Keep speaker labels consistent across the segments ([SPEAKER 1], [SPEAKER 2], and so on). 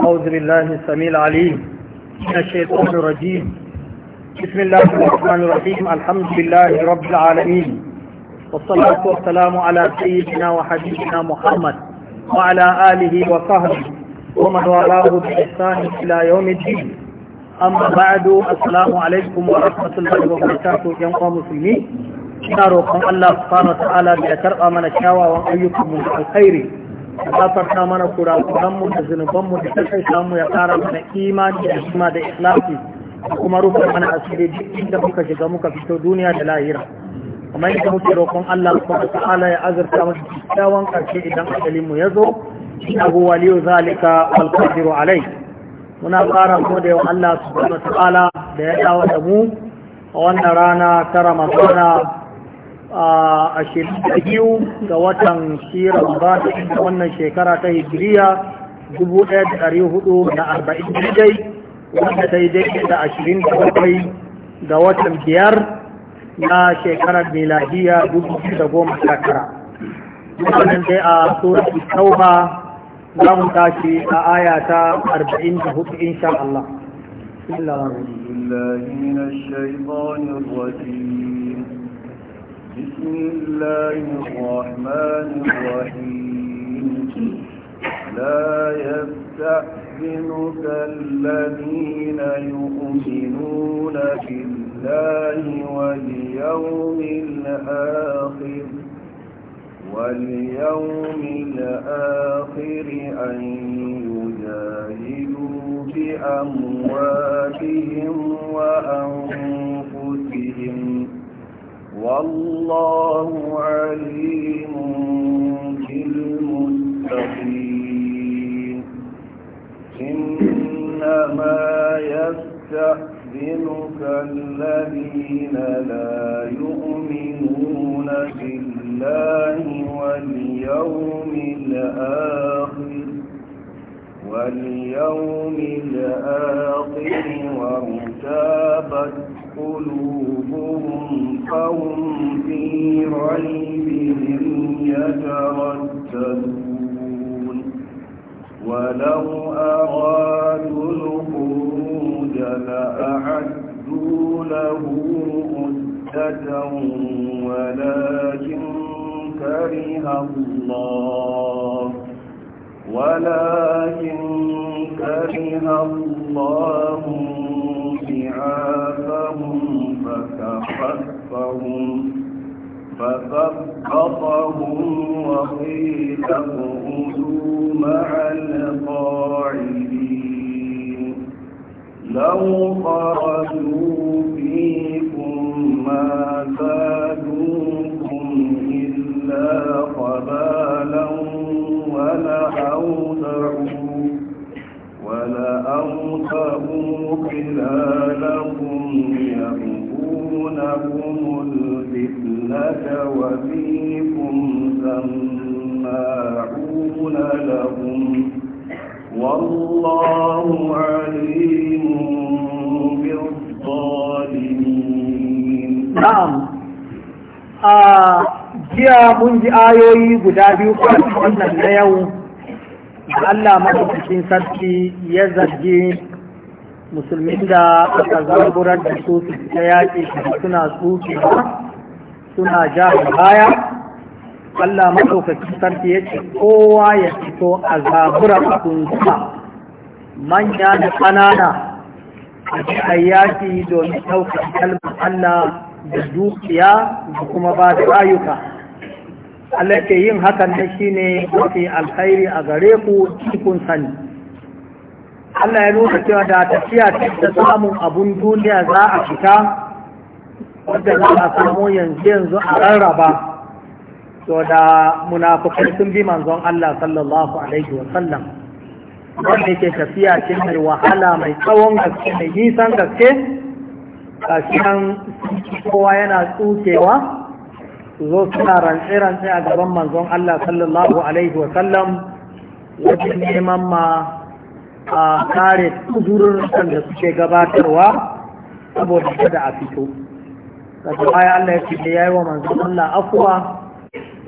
[SPEAKER 1] أعوذ بالله السميع العليم من الشيطان الرجيم بسم الله الرحمن الرحيم الحمد لله رب العالمين والصلاة والسلام على سيدنا وحبيبنا محمد وعلى آله وصحبه ومن والاه بإحسان إلى يوم الدين أما بعد السلام عليكم ورحمة الله وبركاته يا مسلمين ina roƙon سبحانه وتعالى بأترقى من الشاوى وأيكم من الخير ta gafarta mana kura, kurakuranmu da zunubanmu da kai mu ya kara mana imani da hikima da ikhlasi kuma rufe mana asiri duk inda muka shiga muka fito duniya da lahira kamar yadda muke roƙon Allah subhanahu wa ta'ala ya azurta mu kyakkyawan karshe idan ajalin mu ya zo innahu waliyu zalika wal qadiru alai muna fara mu da yau Allah subhanahu wa ta'ala da ya dawo da mu a wannan rana ta Ramadana a shekaru ga watan shirin ba da wannan shekara ta hijiriya 1440 dai wanda ta yi daidai da 27 ga watan biyar na shekarar miladiya 2019 wannan dai a tsoron tauba za mu tashi a aya ta 44 insha Allah. Allah Allah. Allah.
[SPEAKER 2] Allah. الرحيم بسم الله الرحمن الرحيم لا يستأذنك الذين يؤمنون بالله واليوم الآخر واليوم الآخر أن يجاهدوا بأمواتهم وأنفسهم والله عليم بالمتقين إنما يستأذنك الذين لا يؤمنون بالله واليوم الآخر واليوم الآخر وارتابت قلوبهم فهم في ريبهم يترددون ولو أرادوا الخروج لأعدوا له عدة ولكن كره الله ولكن كره الله بعاد فثبطهم فثبطهم وقيل اقعدوا مع القاعدين لو خرجوا فيكم ما زادوكم إلا خبالا ولا اوثقوا خلالكم لكم الفتنة وفيكم سماعون لهم والله عليم بالظالمين
[SPEAKER 1] نعم jiya mun ayoyi guda biyu kwanci wannan na yau da Allah maɗaukacin sarki ya zargi musulmi da aka zaburar da su ta yaƙi suna tsuki suna ja baya Allah maɗaukacin sarki ya ce kowa ya fito a zabura kunsa manya da ƙanana a yaƙi domin ɗaukar kalmar Allah da dukiya da kuma ba da rayuka Allah ke yin hakan ne shine mafi alkhairi a gare ku cikin sani Allah ya nuna cewa da tafiya da samun abun duniya za a fita
[SPEAKER 3] wadda za a samu yanzu
[SPEAKER 1] yanzu a rarraba to da munafukai sun bi manzon Allah sallallahu alaihi wa sallam wanda yake tafiya ce mai wahala mai tsawon gaske mai nisan gaske kashiyan kowa yana tsukewa su zo suna rantse-rantse a gaban manzon Allah sallallahu alaihi wa sallam wajen neman ma a kare uzurrukan da suke gabatarwa saboda kada a fito daga baya Allah ya ce da yayi wa manzon Allah afuwa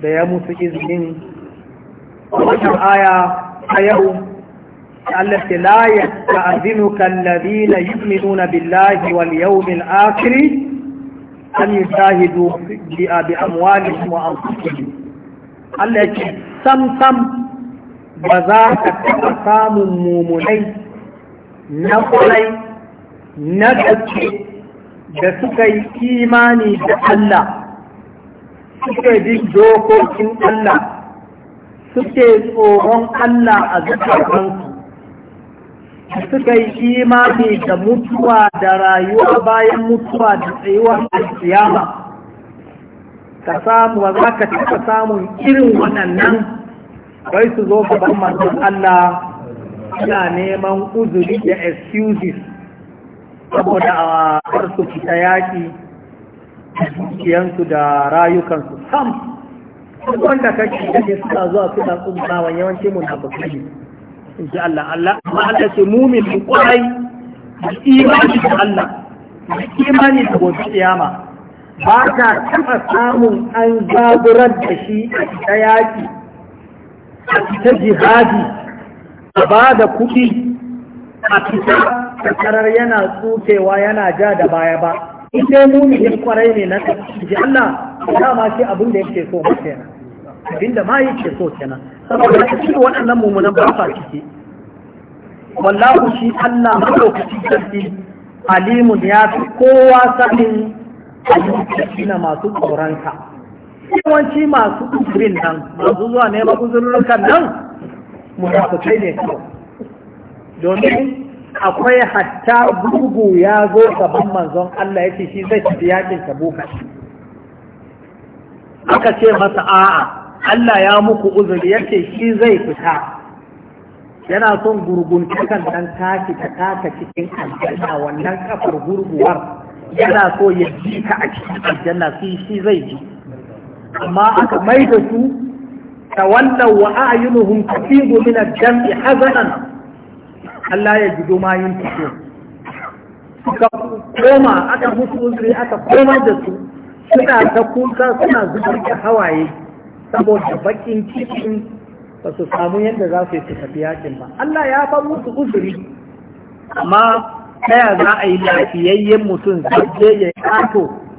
[SPEAKER 1] da ya musu izinin wannan aya a yau Allah ce la yasta'dhinuka alladhina yu'minuna billahi wal yawmil akhir an yusahidu bi amwalihim wa anfusihim Allah ya ce sam sam ba za ka taɓa samun mummunai na kwarai na gaske da suka yi imani da Allah suke bin dokokin Allah suke tsoron Allah a zukatansu suka yi imani da mutuwa da rayuwa bayan mutuwa da tsayuwar alkiyama ka samu ba za ka taɓa samun irin waɗannan kai su zo gaban manzon Allah suna neman uzuri da excuses saboda a har su fita yaƙi dukiyansu da rayukansu sam wanda kake ke suna zuwa suna wa yawanci munafukai in ji Allah Allah amma Allah ce mumin da kwarai da imani da Allah da imani da gobe kiyama ba ta taɓa samun an zaburar da shi a fita yaƙi a fita jihadi a ba da kuɗi a fita tattarar yana tsukewa yana ja da baya ba in muni muminin kwarai ne na ji Allah ma shi abin da yake so ba kenan abin da ma yake so kenan saboda shi waɗannan mummunan ba sa ciki wallahu shi Allah madaukakin shi. alimun ya fi kowa sanin ayyukan na masu tsoronka yawanci masu uzurin nan masu zuwa neman kan nan munafukai ne kawai domin akwai hatta bugu ya zo gaban manzon Allah ya ce shi zai tafi yakin tabuka aka ce masa a'a Allah ya muku uzuri yake shi zai fita yana son gurgun kan dan tashi ta taka cikin aljanna wannan kafar gurguwar yana so ya ji ka a cikin aljanna shi zai ji amma aka mai da su tawallaw wa a'yunuhum tafidu min ad-dam'i hazanan Allah ya jido ma yin fito suka koma aka musu uzuri aka koma da su suna ta kuka suna zubar da hawaye saboda bakin cikin ba su samu yadda za su yi su tafi yakin ba Allah ya fa musu uzuri amma ta za a yi lafiyayyen mutum zai je ya yi ato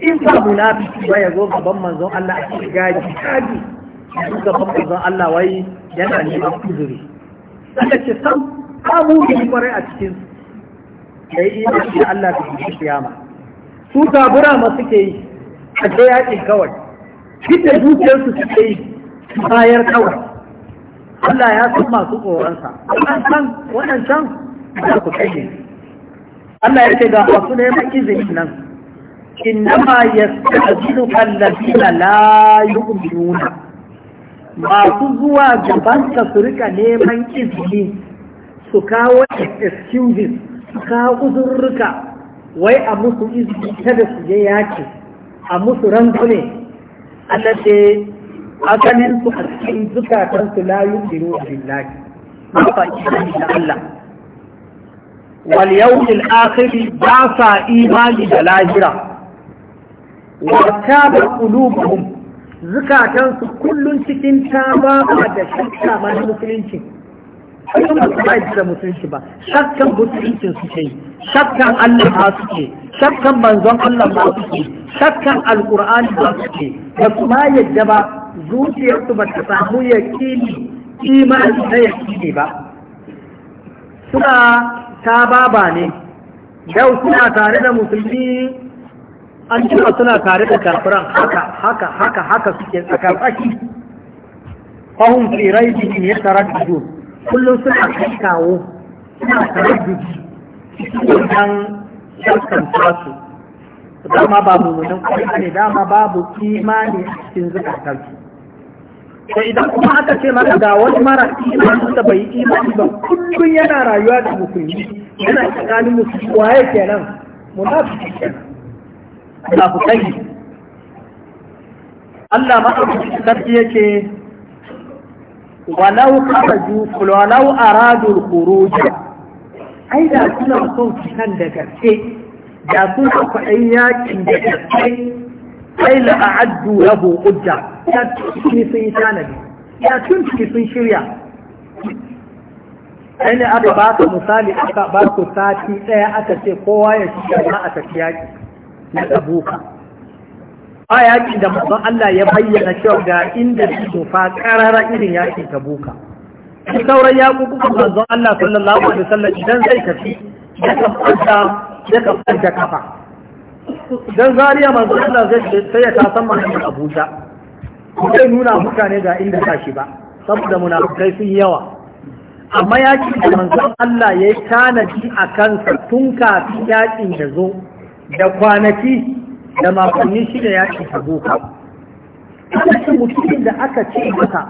[SPEAKER 1] in ba munafiki ba ya zo gaban manzon Allah a cikin gaji gaji ya gaban manzon Allah wai yana neman kuzuri saka ce san abu da kwarai a cikin da yi imani da Allah da yi kiyama su kabura ma suke yi a ya yakin kawai da su suke yi bayar kawai Allah ya san masu tsoronsa san wannan san ku kai Allah ya ce ga wasu neman izini nan إنما يستأذنك الذين لا يؤمنون ما تزوى جبان تسرق نيمان إذني سكاوة excuses سكاوة ذرك wai a musu izini kada su je yaki a musu rangune Allah ce asalin su a cikin zukatansu la yuqiru billahi ma fa da Allah wal yawmil akhir ba sa imani da lahira
[SPEAKER 3] wata da
[SPEAKER 1] kulubuhum zukatansu kullum cikin ba da shakka ma na musulunci
[SPEAKER 3] kullum ba su ba da
[SPEAKER 1] musulunci ba shakkan musulunci suke yi shakkan Allah ba suke shakkan manzon Allah ba suke shakkan alqur'ani ba suke ba su kuma yadda ba zuciyarsu ba ta samu yaqini imani na yaqini ba suna ba ne yau suna tare da musulmi an jima suna tare da kafiran haka haka haka haka suke tsakatsaki fahim tsirai jikin ya taraddu kullum suna kai kawo suna taraddu dan shakkan su dama ba mummunan kwanwa ne dama babu imani a cikin zukatan su to idan kuma aka ce maka ga wani mara imani da bai imani ba kullum yana rayuwa da mukulli, yana tsakanin musu waye kenan munafiki kenan munafikai Allah madaukakin sarki yake walau kharaju walau aradu al-khuruj ai da suna son kan da gaske da suna kwaɗayin yakin da gaske sai la ya lahu qudda ya tuni sun yi tanadi ya tuni sun shirya sai ne aka ba ka misali aka ba ku sati ɗaya aka ce kowa ya shi ma a tafi yaki na tabuka a yakin da manzon Allah ya bayyana cewa ga inda su fa karara irin yakin tabuka shi sauran ya kuka manzon Allah sallallahu alaihi wasallam idan zai tafi ya kafanta ya kafanta kafa idan zariya manzon Allah zai sai ya tasan manzon Abuja zai nuna mutane ga inda ta shi ba saboda munafukai sun yawa amma yakin da manzon Allah ya yi tanadi a kansa tun kafin yakin da zo da kwanaki da makonni shida ya ci tabuka wannan mutumin da aka ce maka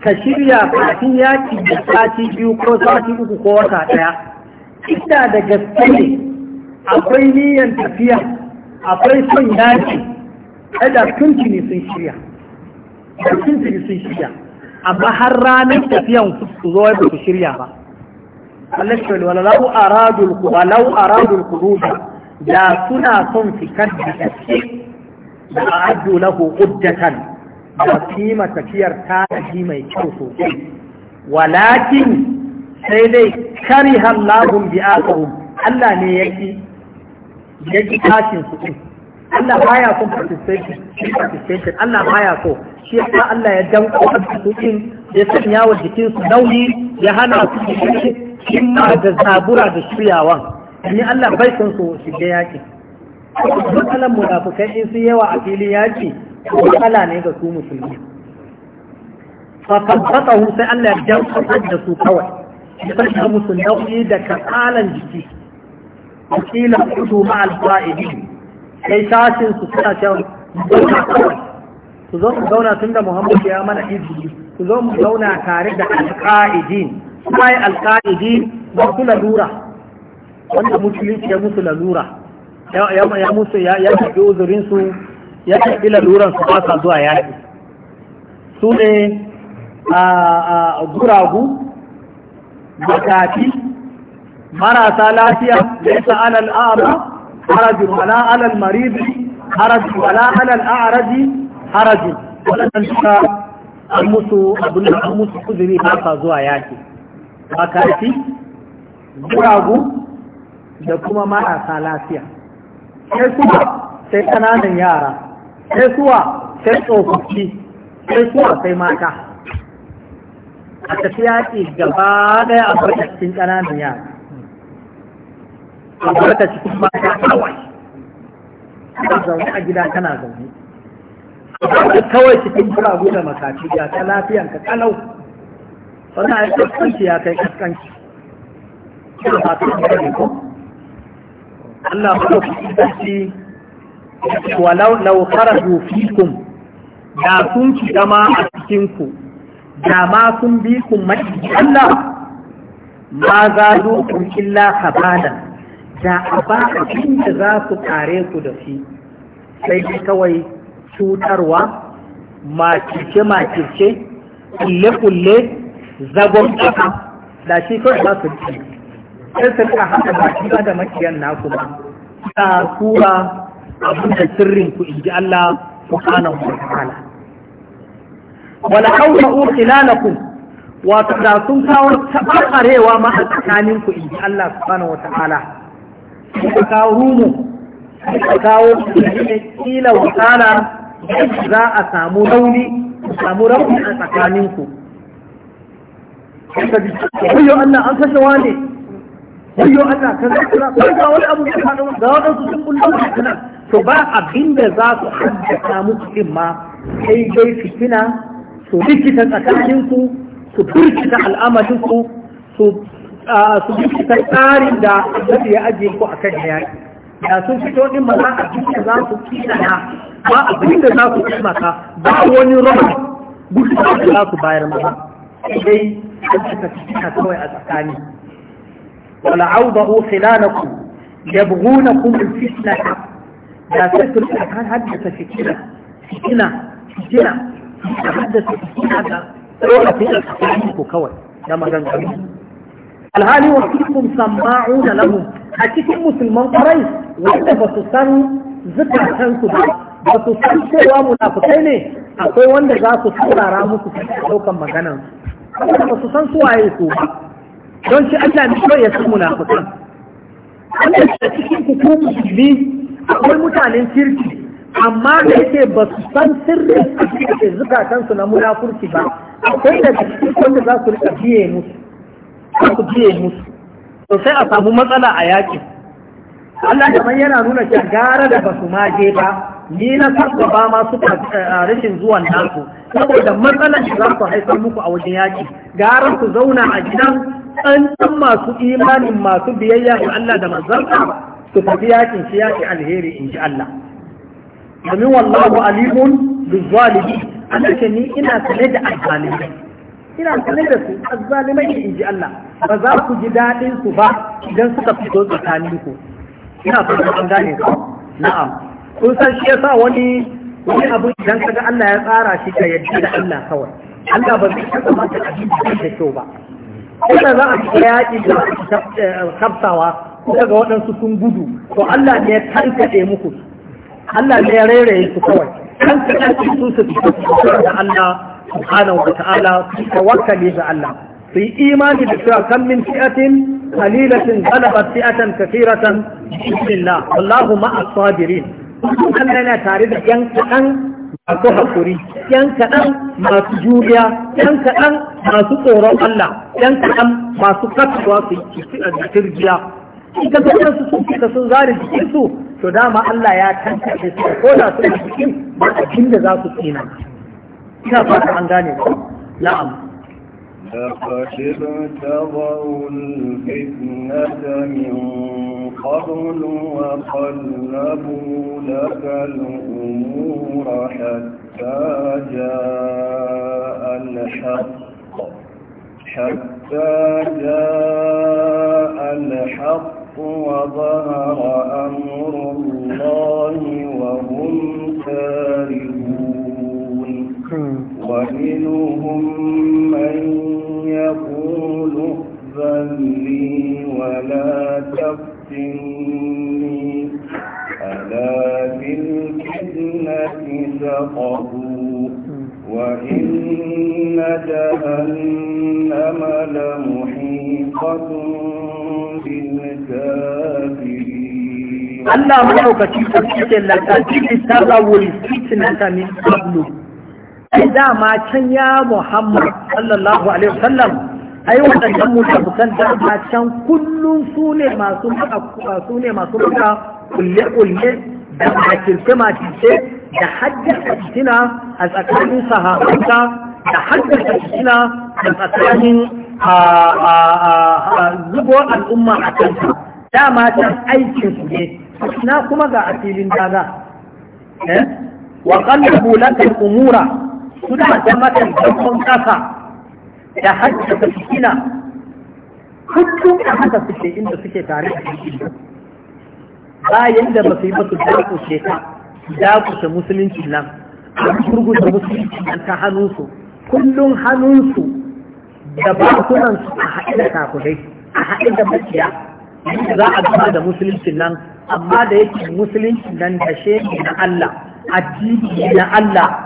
[SPEAKER 1] ka shirya kafin yaki da sati biyu ko sati uku ko wata daya inda da gaske ne akwai niyan tafiya akwai son yaki kada da sun shirya da tuntuni sun shirya amma har ranar tafiyan su zo ba su shirya ba Allah shi wani lau aradul kuba lau aradul da suna son fitar da gaske da a'addu lahu uddatan da kima tafiyar ta ji mai kyau sosai walakin sai dai kariha Allahum bi aqahum Allah ne yaki yaki tashin su din Allah baya son participation participation Allah baya so shi yasa Allah ya danko su din ya sanya wa jikin su nauyi ya hana su shi ma da zabura da shiryawan ni Allah bai son su shige yaƙi matsalan munafukai in su yawa a filin yaƙi matsala ne ga su musulmi fa tabbatahu sai Allah ya jamfa da su kawai ya sanya musu nauyi da kasalan jiki a kila kudu ma alfa'idi sai tashin su suna can zauna kawai su zo mu zauna tun da Muhammadu ya mana izini su zo mu zauna tare da alƙa'idin sai alƙa'idin ba su lalura wanda musulunci ya musu lalura ya musu ya tafi uzurinsu ya tafi laluran su ba sa zuwa yaƙi su ne a guragu makafi marasa lafiya laisa alal a'ma haraji wala alal maridi haraji wala alal a'raji haraji waɗannan duka an musu abin da an musu uzuri ba sa zuwa yaƙi makafi guragu da kuma marasa lafiya sai suwa sai kananan yara sai suwa sai tsofaffi sai suwa sai mata a tafi yaƙi gaba ɗaya a farka cikin kananan yara
[SPEAKER 3] a farka cikin mata kawai
[SPEAKER 1] kana zaune a gida kana zaune a kawai cikin biragu da makaci ya ta ka kalau wannan ya kaskanci ya kai kaskanci ba ta ne ko Allah ba ku kisanci walau law kharaju fikum da sun ci dama a cikin ku da ma sun bi ku mai Allah ma za zo illa da a ba abin da za su kare ku da shi sai dai kawai cutarwa makirce makirce kulle kulle zagon ƙasa da shi kawai za su ci sai su ka haɗa baki ba da makiyan naku ba ta tura abin da sirrin ku inji Allah subhanahu wa ta'ala wala hawla ukhilalakum wato ta sun kawo tabarewa ma a tsakanin ku inji Allah subhanahu wa ta'ala ka kawo rumu ka kawo kila wakala za a samu rauni samu rauni a tsakaninku. Kuka ji, "Kuyo Allah an kashe wane, wayo Allah kaza kaza sai ga wani abu da faɗo ga wadansu sun bullo kana to ba abin da za su haddasa muku din ma sai dai fitina su rikita tsakanin ku su furkita al'amarin ku su rikita tsarin da Allah ya ajiye ku akan yaki da sun fito din ma za a cikin za su kina na ba abin da za su kima ka ba wani roba gudu da za su bayar ma dai sun fita cikin kawai a tsakani ولعوضوا خلالكم يبغونكم الفتنة لا تسر كان حدث فتنة فتنة فتنة حدث فتنة
[SPEAKER 3] تروح في أسفلكم
[SPEAKER 1] كوي لما جنجمين alhali wa fikum sama'una lahum a cikin musulman kwarai wanda ba su san zukatan su ba ba su san cewa munafikai ne akwai wanda za su saurara musu su ba su san su waye su ba don shi Allah ne kawai ya san munafikan wanda a cikin hukumar musulmi akwai mutanen kirki amma da yake ba su san sirrin a cikin zukatansu na munafurci ba akwai da cikin wanda za su rika biye musu za su biye musu sosai a samu matsala a yakin Allah da man yana nuna shi gara da ba su maje ba ni na ba ma suka eh, rashin zuwan nasu saboda matsalar shi za su haifar muku a wajen yaki gara su zauna a gidan tsantsan masu imanin masu biyayya ga Allah da manzansa su tafi yakin shi yaki alheri in ji Allah domin wallahu alimun bizzalimi Allah ce ni ina sane da azzalimai ina sane da su azzalimai in ji Allah ba za ku ji daɗin su ba idan suka fito tsakanin ku ina fata an gane ku na'am kun san shi yasa wani wani abu idan kaga Allah ya tsara shi ka yadda da Allah kawai Allah ba zai taɓa maka abin da kyau ba kuma za a shiga yaƙi da kaftawa kuka ga waɗansu sun gudu to Allah ne ya tankaɗe muku Allah ne ya reraye su kawai kan ka ɗan su su fita da Allah subhanahu wa ta'ala su tawakkali ga Allah su yi imani da cewa kan min fi'atin qalilatin ghalabat fi'atan kathiratan bi idnillah wallahu ma'a sabirin Allah yana tare da yan kaɗan masu haƙuri, ‘yan kaɗan masu juriya, ‘yan kaɗan masu tsoron Allah, ‘yan kaɗan masu katsuwa su yi a jiya. In ka zama su sun fita sun zare jikin su, to dama Allah ya da su ko da su jikin ba a da za su tsina. Ina fata an gane ba. Na'am. لقد ابتغوا
[SPEAKER 2] الفتنة من قبل وقلبوا لك الأمور حتى جاء الحق حتى جاء الحق وظهر أمر الله وهم كارهون ومنهم من يقول ائذن ولا تفتني ألا في الفتنة سقطوا وإن جهنم لمحيطة بالكافرين الله ملوكتي
[SPEAKER 1] تفتن لك تجد سرى والفتنة من قبله ai dama can ya Muhammad sallallahu alaihi wasallam ai waɗannan mutafukan dama can kullum su ne masu maka su ne masu maka kulle kulle da ma makirce da haddasa fitina a tsakanin sahabanta da haddasa fitina a tsakanin zubo al'umma a kanta dama can aikin su ne na kuma ga asilin daga eh? wa qallabu lakal umura suna da matan dankon ƙasa da haddasa fitina kullum da haka suke inda suke tare da cikin bayan da ba su yi ba su dakushe ka dakushe musulunci nan a gurgusa musulunci nan ta hannunsu kullum hannunsu da bakunansu a haɗe da kakurai a haɗe da makiya za a gaba da musulunci nan amma da yake musulunci nan da shege na Allah addini na Allah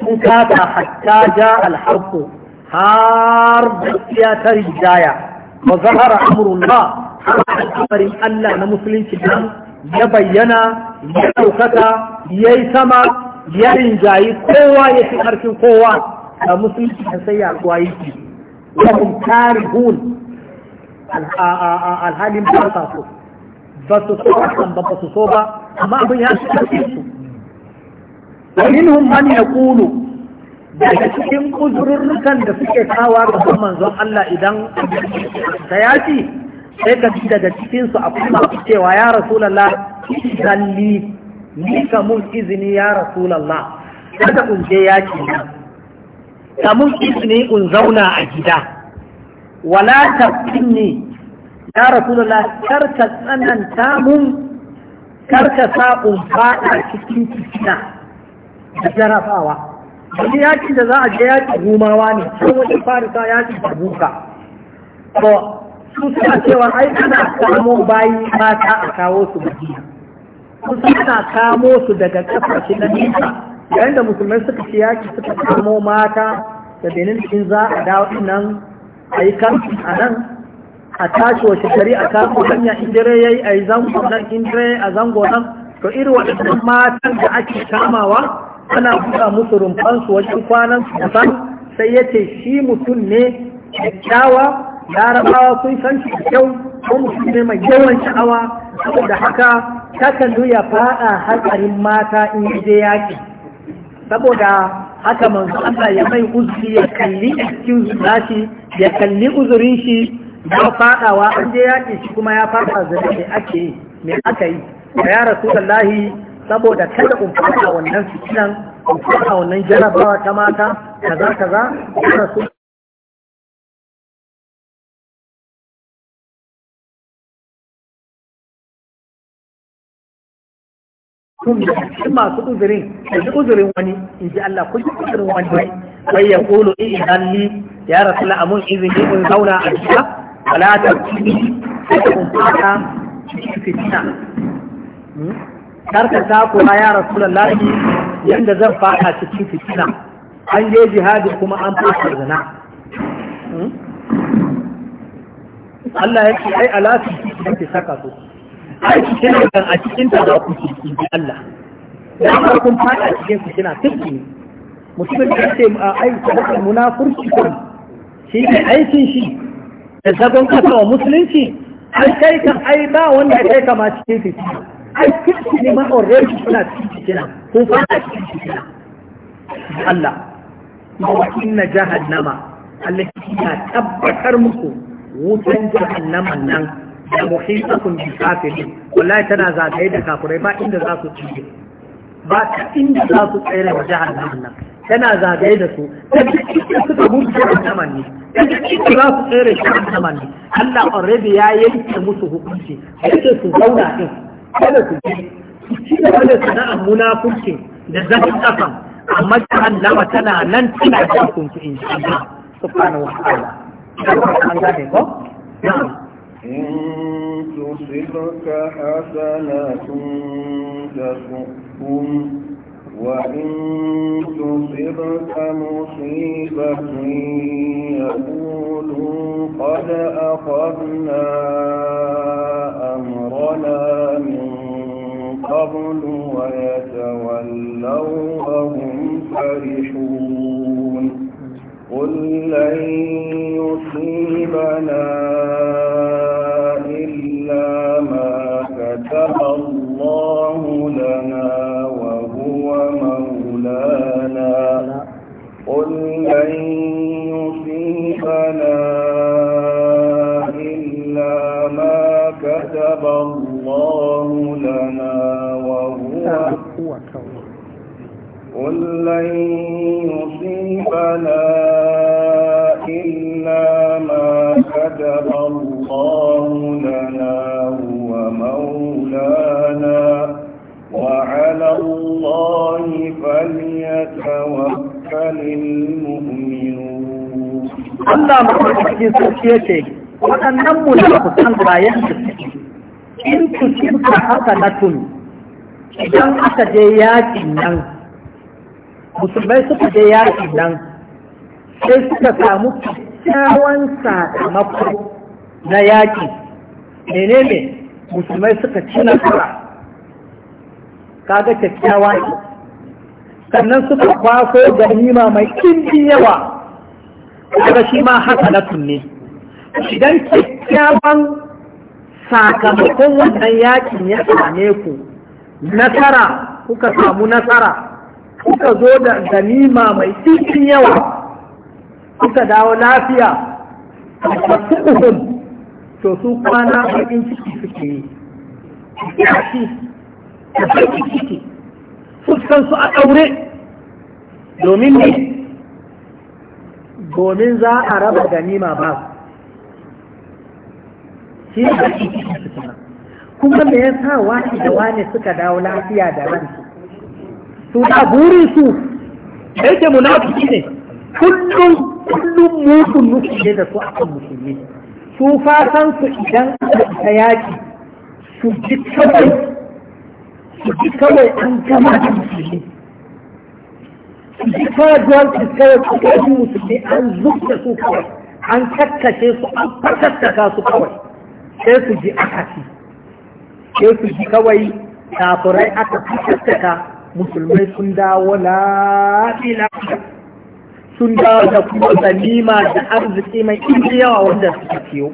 [SPEAKER 1] sun ta hatta ja alharku har gaskiya ta rijaya wa zahara ba? har al'amarin Allah na musulunci nan ya bayyana ya ɗaukaka ya yi sama ya rinjayi kowa ya fi ƙarfin kowa a musulunci da sai ya kuwa yake alhalin ba sa ba su so ba su so ba amma abin ya fi ƙarfin su ومنهم من يقول daga cikin uzurrukan da suke kawa ga manzon Allah idan da yaci sai ka ji daga cikinsu a kuma cewa ya rasulallah zalli ni ka mun izini ya rasulallah kada in je yaki na ka mun izini in zauna a gida wala tafkinni ya rasulallah kar ka tsananta mun kar ka sa in fada cikin fitina da jarabawa wani yakin da za a je yaƙi rumawa ne sun wani farisa da buka to
[SPEAKER 3] sun suna cewa ai ana kamo
[SPEAKER 1] bayi mata a kawo su madina sun suna kamo su daga kasashe na nisa yayin da musulmai suka ci yaki suka kamo mata da benin din za a dawo nan a yi kamfi a nan a tashi wace shari a kafin hanya indire ya yi a yi zango nan indire a zango nan to irin waɗannan matan da ake kamawa ana buga musu rumfansu wajen kwanan su sai ya ce shi mutum ne kyakkyawa larabawa sun san shi kyau ko mutum ne mai yawan sha'awa saboda haka takan ya faɗa hatsarin mata in je yaƙi saboda haka manzo Allah ya mai uzuri ya kalli excuse nashi ya kalli uzurin shi ya faɗawa an je yaƙi shi kuma ya faɗa zai ake me aka yi ya rasulullahi saboda kada in fada wannan fitinan in fada wannan jarabawa ta mata kaza kaza kana su da cikin masu uzurin da ji uzurin wani in ji Allah kun ji uzurin wani wai wai ya kulu in halli ya rasu la'amun izini in zauna a gida wala ta kini ta kun fada cikin fitina hmm? karka takura ya rasulullahi yadda zan fada cikin fitina an je jihadi kuma an fasa zina hmm? Allah ya ce ai alafi ki saka su ai cikin kan a cikin ta za ku cikin Allah
[SPEAKER 3] da kun fada
[SPEAKER 1] cikin fitina take ne mutumin da yake ai sabon munafurci kan shi ne aikin shi da zagon kasa wa musulunci ai kai ka ai ba wanda kai kama cikin fitina ai kirki ne ma already kuna cikin kina kun fara cikin kina Allah wa inna jahannama Allah ya tabbatar muku wutan jahannama nan da muhitakun bi kafiri wallahi tana zagaye da kafirai ba inda za su cije ba ta inda za su tsere wa jahannama nan tana zagaye da su da suka mutu jahannama ne da cikin za su tsere jahannama ne Allah already ya yanke musu hukunci yake su zauna din kada su ji su ci gaba sana'ar munafurcin da zafin kafan amma jahannama tana nan tana jakun su in sha Allah subhanahu wa ta'ala an gane ko
[SPEAKER 2] إن تصبك حسنة تسؤهم وإن تصبك مصيبة يقولوا قد أخذنا أمرنا من قبل ويتولوا وهم فرحون قل لن يصيبنا إلا ما كتب الله الله لنا وهو مولانا قل لن يصيبنا إلا ما كتب الله لنا وهو قل لن يصيبنا إلا ما كتب الله لنا هو مولانا تعالى وعلى الله فليتوكل المؤمنون الله مكتبكي
[SPEAKER 1] سوكيتي waɗannan
[SPEAKER 3] mulakutan bayan
[SPEAKER 1] da suke in tusirka hasanatun idan aka je yaƙin nan musulmai suka je yaƙin nan sai suka samu kyakkyawan sakamako na yaƙi menene musulmai suka cina nasara kaga kyakkyawa ne sannan suka kwaso ganima mai kimbi yawa kaga shi ma hasanatun ne idan kyakkyawan sakamakon wannan yakin ya same ku nasara kuka samu nasara kuka zo da ganima mai cikin yawa kuka dawo lafiya a to su kwana bakin ciki suke yi da ciki fuskan su a ɗaure domin ne domin za a raba ganima ba
[SPEAKER 3] shi ne da ciki su kuma?
[SPEAKER 1] kuma me sa wani da wani suka dawo lafiya da ransu su da buri su
[SPEAKER 3] da yake munafiki
[SPEAKER 1] ne kullum kullum mutum nufi ne da su a kan musulmi su fatan su idan ta yaki su ji kawai ji kawai an gama da musulmi su ji kajuwar su kawai su kaji musulmi an zubta su kawai an kakkashe su an fatattaka su kawai sai su ji akasi sai su ji kawai kafirai aka fatattaka musulmai sun dawo lafiya sun dawo da kuma zanima da arziki mai inda yawa wanda suka ciyo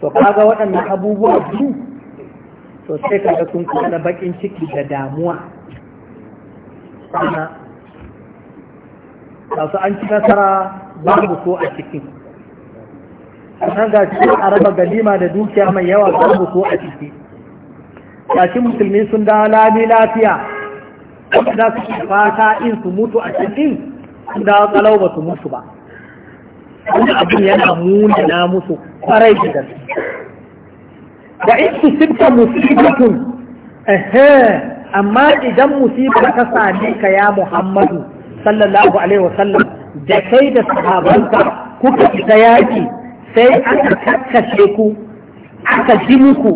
[SPEAKER 1] to kaga waɗannan abubuwa su to sai ka ga kun kwana bakin ciki da damuwa sana su an ci nasara babu so a cikin sannan ga shi a raba galima da dukiya mai yawa babu so a ciki ga musulmi sun da lami lafiya za su fata in su mutu a cikin sun da tsalau ba su mutu ba
[SPEAKER 3] wani abin yana muni na musu kwarai da
[SPEAKER 1] gaske wa in tusibka musibatun ehe amma idan musiba ta sami ka ya Muhammadu sallallahu alaihi wasallam da kai da sahabanka kuka fita yaki sai aka kakkashe ku aka ji muku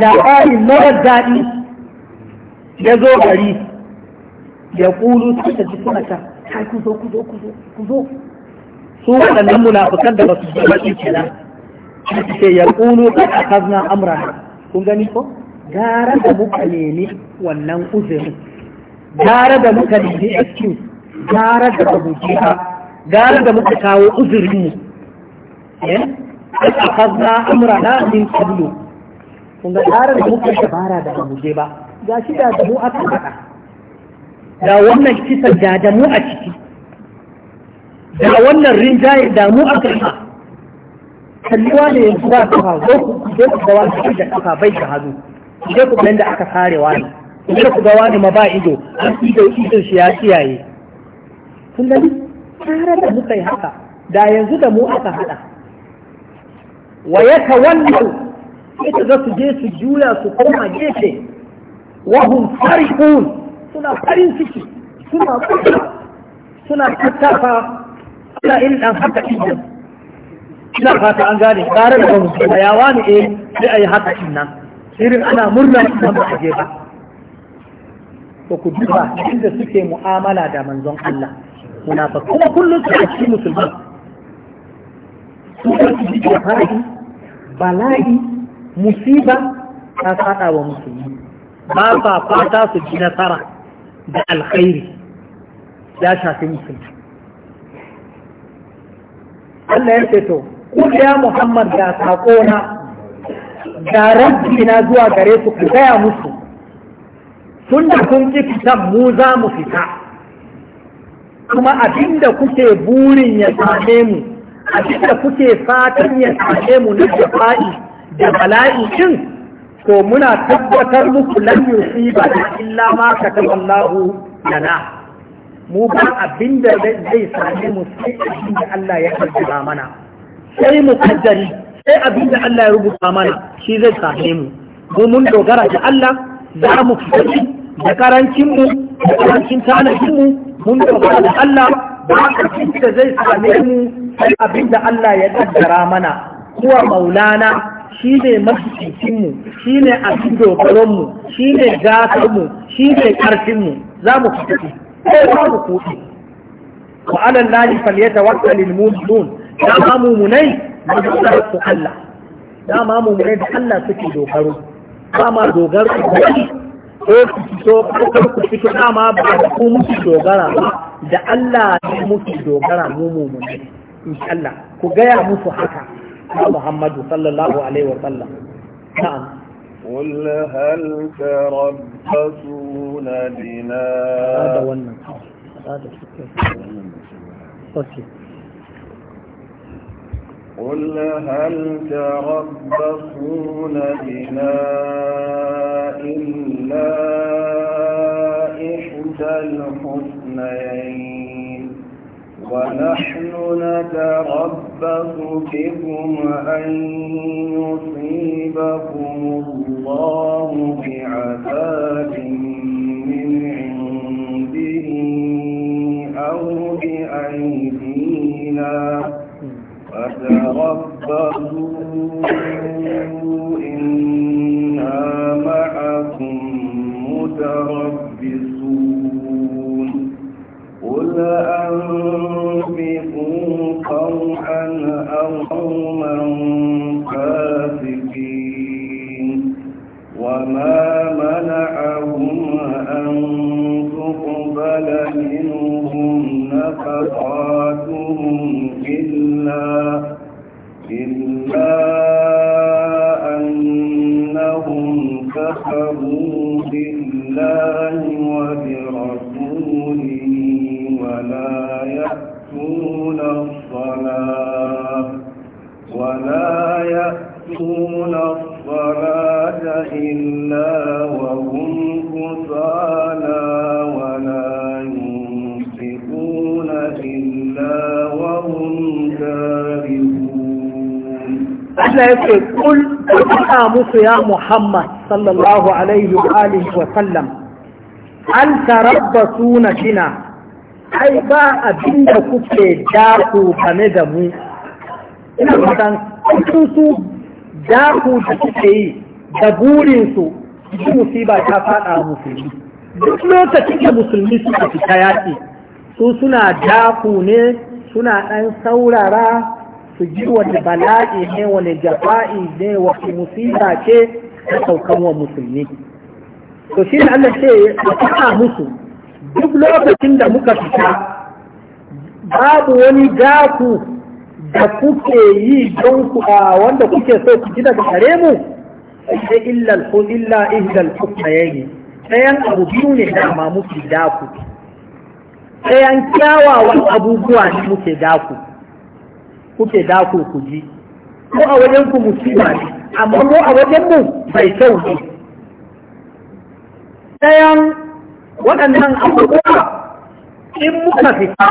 [SPEAKER 1] labarin marar daɗi ya zo gari ya ƙulu suka ji suna ta kai ku zo ku zo ku zo ku zo su waɗannan munafukan da ba su ji ba kenan ce ya ƙulu a akazna amra kun gani ko gara da muka nemi wannan uzurin gara da muka nemi aiki gara da rubuce ka gara da muka kawo uzurin mu eh? a akazna amra na min kablu kun ga gara da muka shabara da rubuce ba ga shi da mu aka haɗa. da wannan kisan da mu a ciki da wannan rinjaye damu a aka haɗa. kalliwa ne yanzu ba kafa zo ku je ku ga wani da kafa bai da hazo idan ku da aka kare wani je ku ga wani ma ba ido an ido ido shi ya kiyaye kun gani tare da muka yi haka da yanzu da mu aka hada wa ya yatawallu ita za su je su juya su koma gefe wa hum farihun suna farin ciki suna suna tattafa suna irin dan haka idan ina fata an gane tsara da bamu da ya ne eh sai yi haka shi nan irin ana murna idan ba a je ba to ku duba inda suke mu'amala da manzon Allah ba kuma kullum su a cikin musulmi su ji su bala'i musiba ta fada wa musulmi ba ba fata su ji nasara da alkhairi ya shafi musulmi Allah ya ce to ku ya Muhammad ga saƙona ga na zuwa gare su ku gaya musu tun da kun ƙi fita mu za mu fita kuma abinda kuke burin ya same mu abinda kuke fatan ya same mu na jafa'i da bala'i din to muna tabbatar muku lan yusiba illa ma kataballahu lana mu ba abinda zai same mu sai abinda Allah ya ba mana sai mu kaddari sai abin da Allah ya rubuta mana shi zai same mu mu mun dogara da Allah za mu fitaci da karancin mu da karancin tanadin mu mun dogara da Allah ba ka da zai same mu sai abin da Allah ya kaddara mana kuwa maulana shi ne maficinmu shi ne abin dogaronmu shi ne mu shi ne ƙarfinmu za mu fitaci sai za mu kuɗi wa alal lahi falyatawakkal lil mu'minun dama mumunai madogarar su Allah dama mumunai da Allah suke dogaro ba ma dogaro da wani ko ku fito ko ku fito dama ba da ku muke dogara da Allah ne muke dogara mu mumunai insha Allah ku gaya musu haka Muhammadu sallallahu alaihi wa sallam
[SPEAKER 2] na'am قل هل تربصون بنا هذا
[SPEAKER 1] ونعم هذا شكرا
[SPEAKER 2] قل هل تربصون بنا إلا إحدى الحسنيين ونحن نتربص بكم أن يصيبكم الله بعذاب من عنده أو فتربصوا إنا معكم متربصون قل أنفقوا قوحا أو قوما فاسقين وما منعهم أن تقبل منهم نفقاتهم إلا كأنهم كفروا بالله وبرسوله ولا يأتون الصلاة ولا يأتون الصلاة إلا
[SPEAKER 1] Allah ya ce kul ka musu ya Muhammad sallallahu alaihi wa alihi wa sallam an tarabbasu na shina ai ba abin da kuke daku game da mu ina matan su daku da kuke yi da burinsu su musiba ta faɗa musu. duk lokacin da musulmi suka fita yaki. su suna daku ne suna ɗan saurara su ji wani bala'i ne wani jafa'i ne wasu musiba ce a saukan wa musulmi to shi Allah ce ya faɗa musu duk lokacin da muka fita babu wani gaku da kuke yi don ku a wanda kuke so ku ji daga gare mu sai illa ko illa ihdal hukmayni sayan abu biyu ne da ma muke daku sayan kyawawan abubuwa ne muke daku kuke dako ku ji ko a wajen ku musiba ne amma ko a wajen mu bai kyau ne Dayan waɗannan abubuwa in muka fita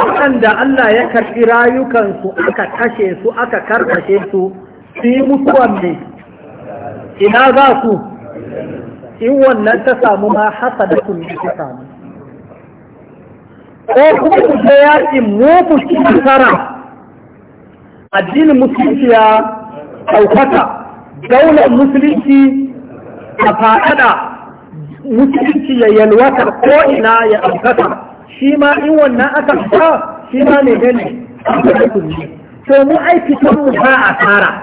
[SPEAKER 1] waɗanda Allah ya karɓi rayukansu aka kashe su aka karkashe su su yi mutuwan ne ina za su in wannan ta samu ma da ne ta samu ko kuma su je yaƙi mu ci nasara addinin musulunci ya ɗaukata, daular musulunci a faɗaɗa musulunci ya yalwata ko ina ya ɗaukata? shi ma in wannan aka fita shi ma ne gani to mu ai fitanmu ba a tsara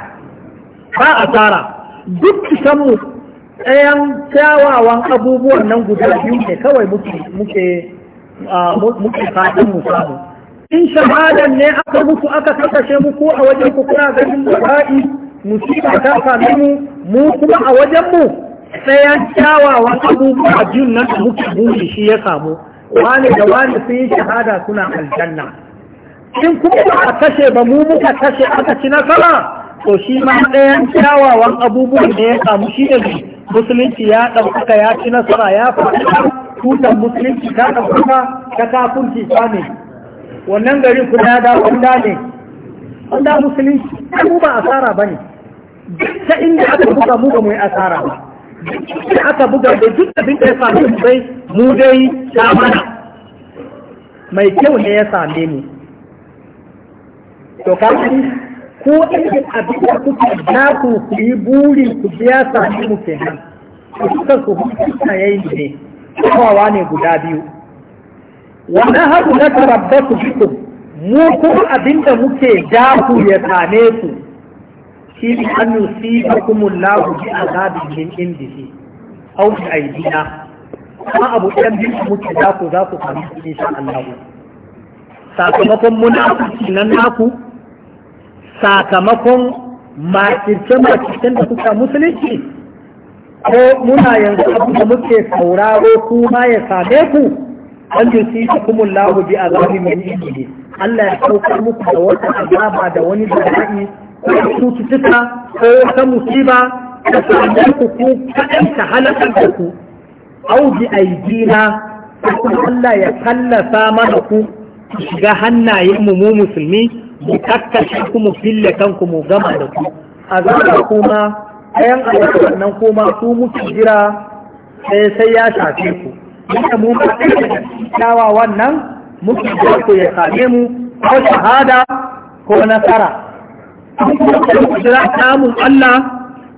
[SPEAKER 1] ba a tsara duk fitanmu ɗayan kyawawan abubuwan nan guda biyu ne kawai muke muke fatan mu samu in shahadan ne aka mutu aka kakashe mu ko a wajen ku kuna ganin bala'i musiba ta same mu mu kuma a wajen mu tsayan kyawawan abubuwa biyun nan da muke buri shi ya samu wani da wani sun yi shahada suna aljanna in kuma ba a kashe ba mu muka kashe aka ci nasara to shi ma tsayan kyawawan abubuwan da ya samu shi ne musulunci ya ɗaukaka ya ci nasara ya faɗi tutan musulunci ta ɗauka ta kafunci ta wannan garin ku da da wanda ne wanda musulunci mu ba asara ba ne ta inda aka buga mu ba mu yi asara ba da aka buga da duk abin da ya same mu dai mu dai ta mana mai kyau ne ya same mu to kafin ko irin abin da kuka ja ku ku yi buri ku biya sami mu kenan ku suka ku hukunta yayi ne kawawa ne guda biyu
[SPEAKER 3] wani haku na tarabbasu
[SPEAKER 1] bikum mu kuma abinda muke daku ya same su shi ne an yusibakumullahu bi azabin min indihi a yi aidina kuma abu ɗan biyu muke daku za ku sami insha Allah sakamakon munafiki nan naku sakamakon makirce makircen da kuka musulunci ko muna yanzu abu muke sauraro kuma ya same ku an yusi ta kumun lahu bi azabi min Allah ya sauka muku da wata azaba da wani bala'i ko cututtuka ko wata musiba ta same ku ko kaɗan ta halakar da ku au bi aidina Allah ya kallasa mana ku shiga hannayen mu mu musulmi mu kakkashe ku mu fille kanku mu gama da ku azaba kuma yan alƙawarin wannan kuma su muke jira sai ya shafe ku yadda mu da kyawa wannan muke jira ku ya same mu ko shahada ko nasara jira samun Allah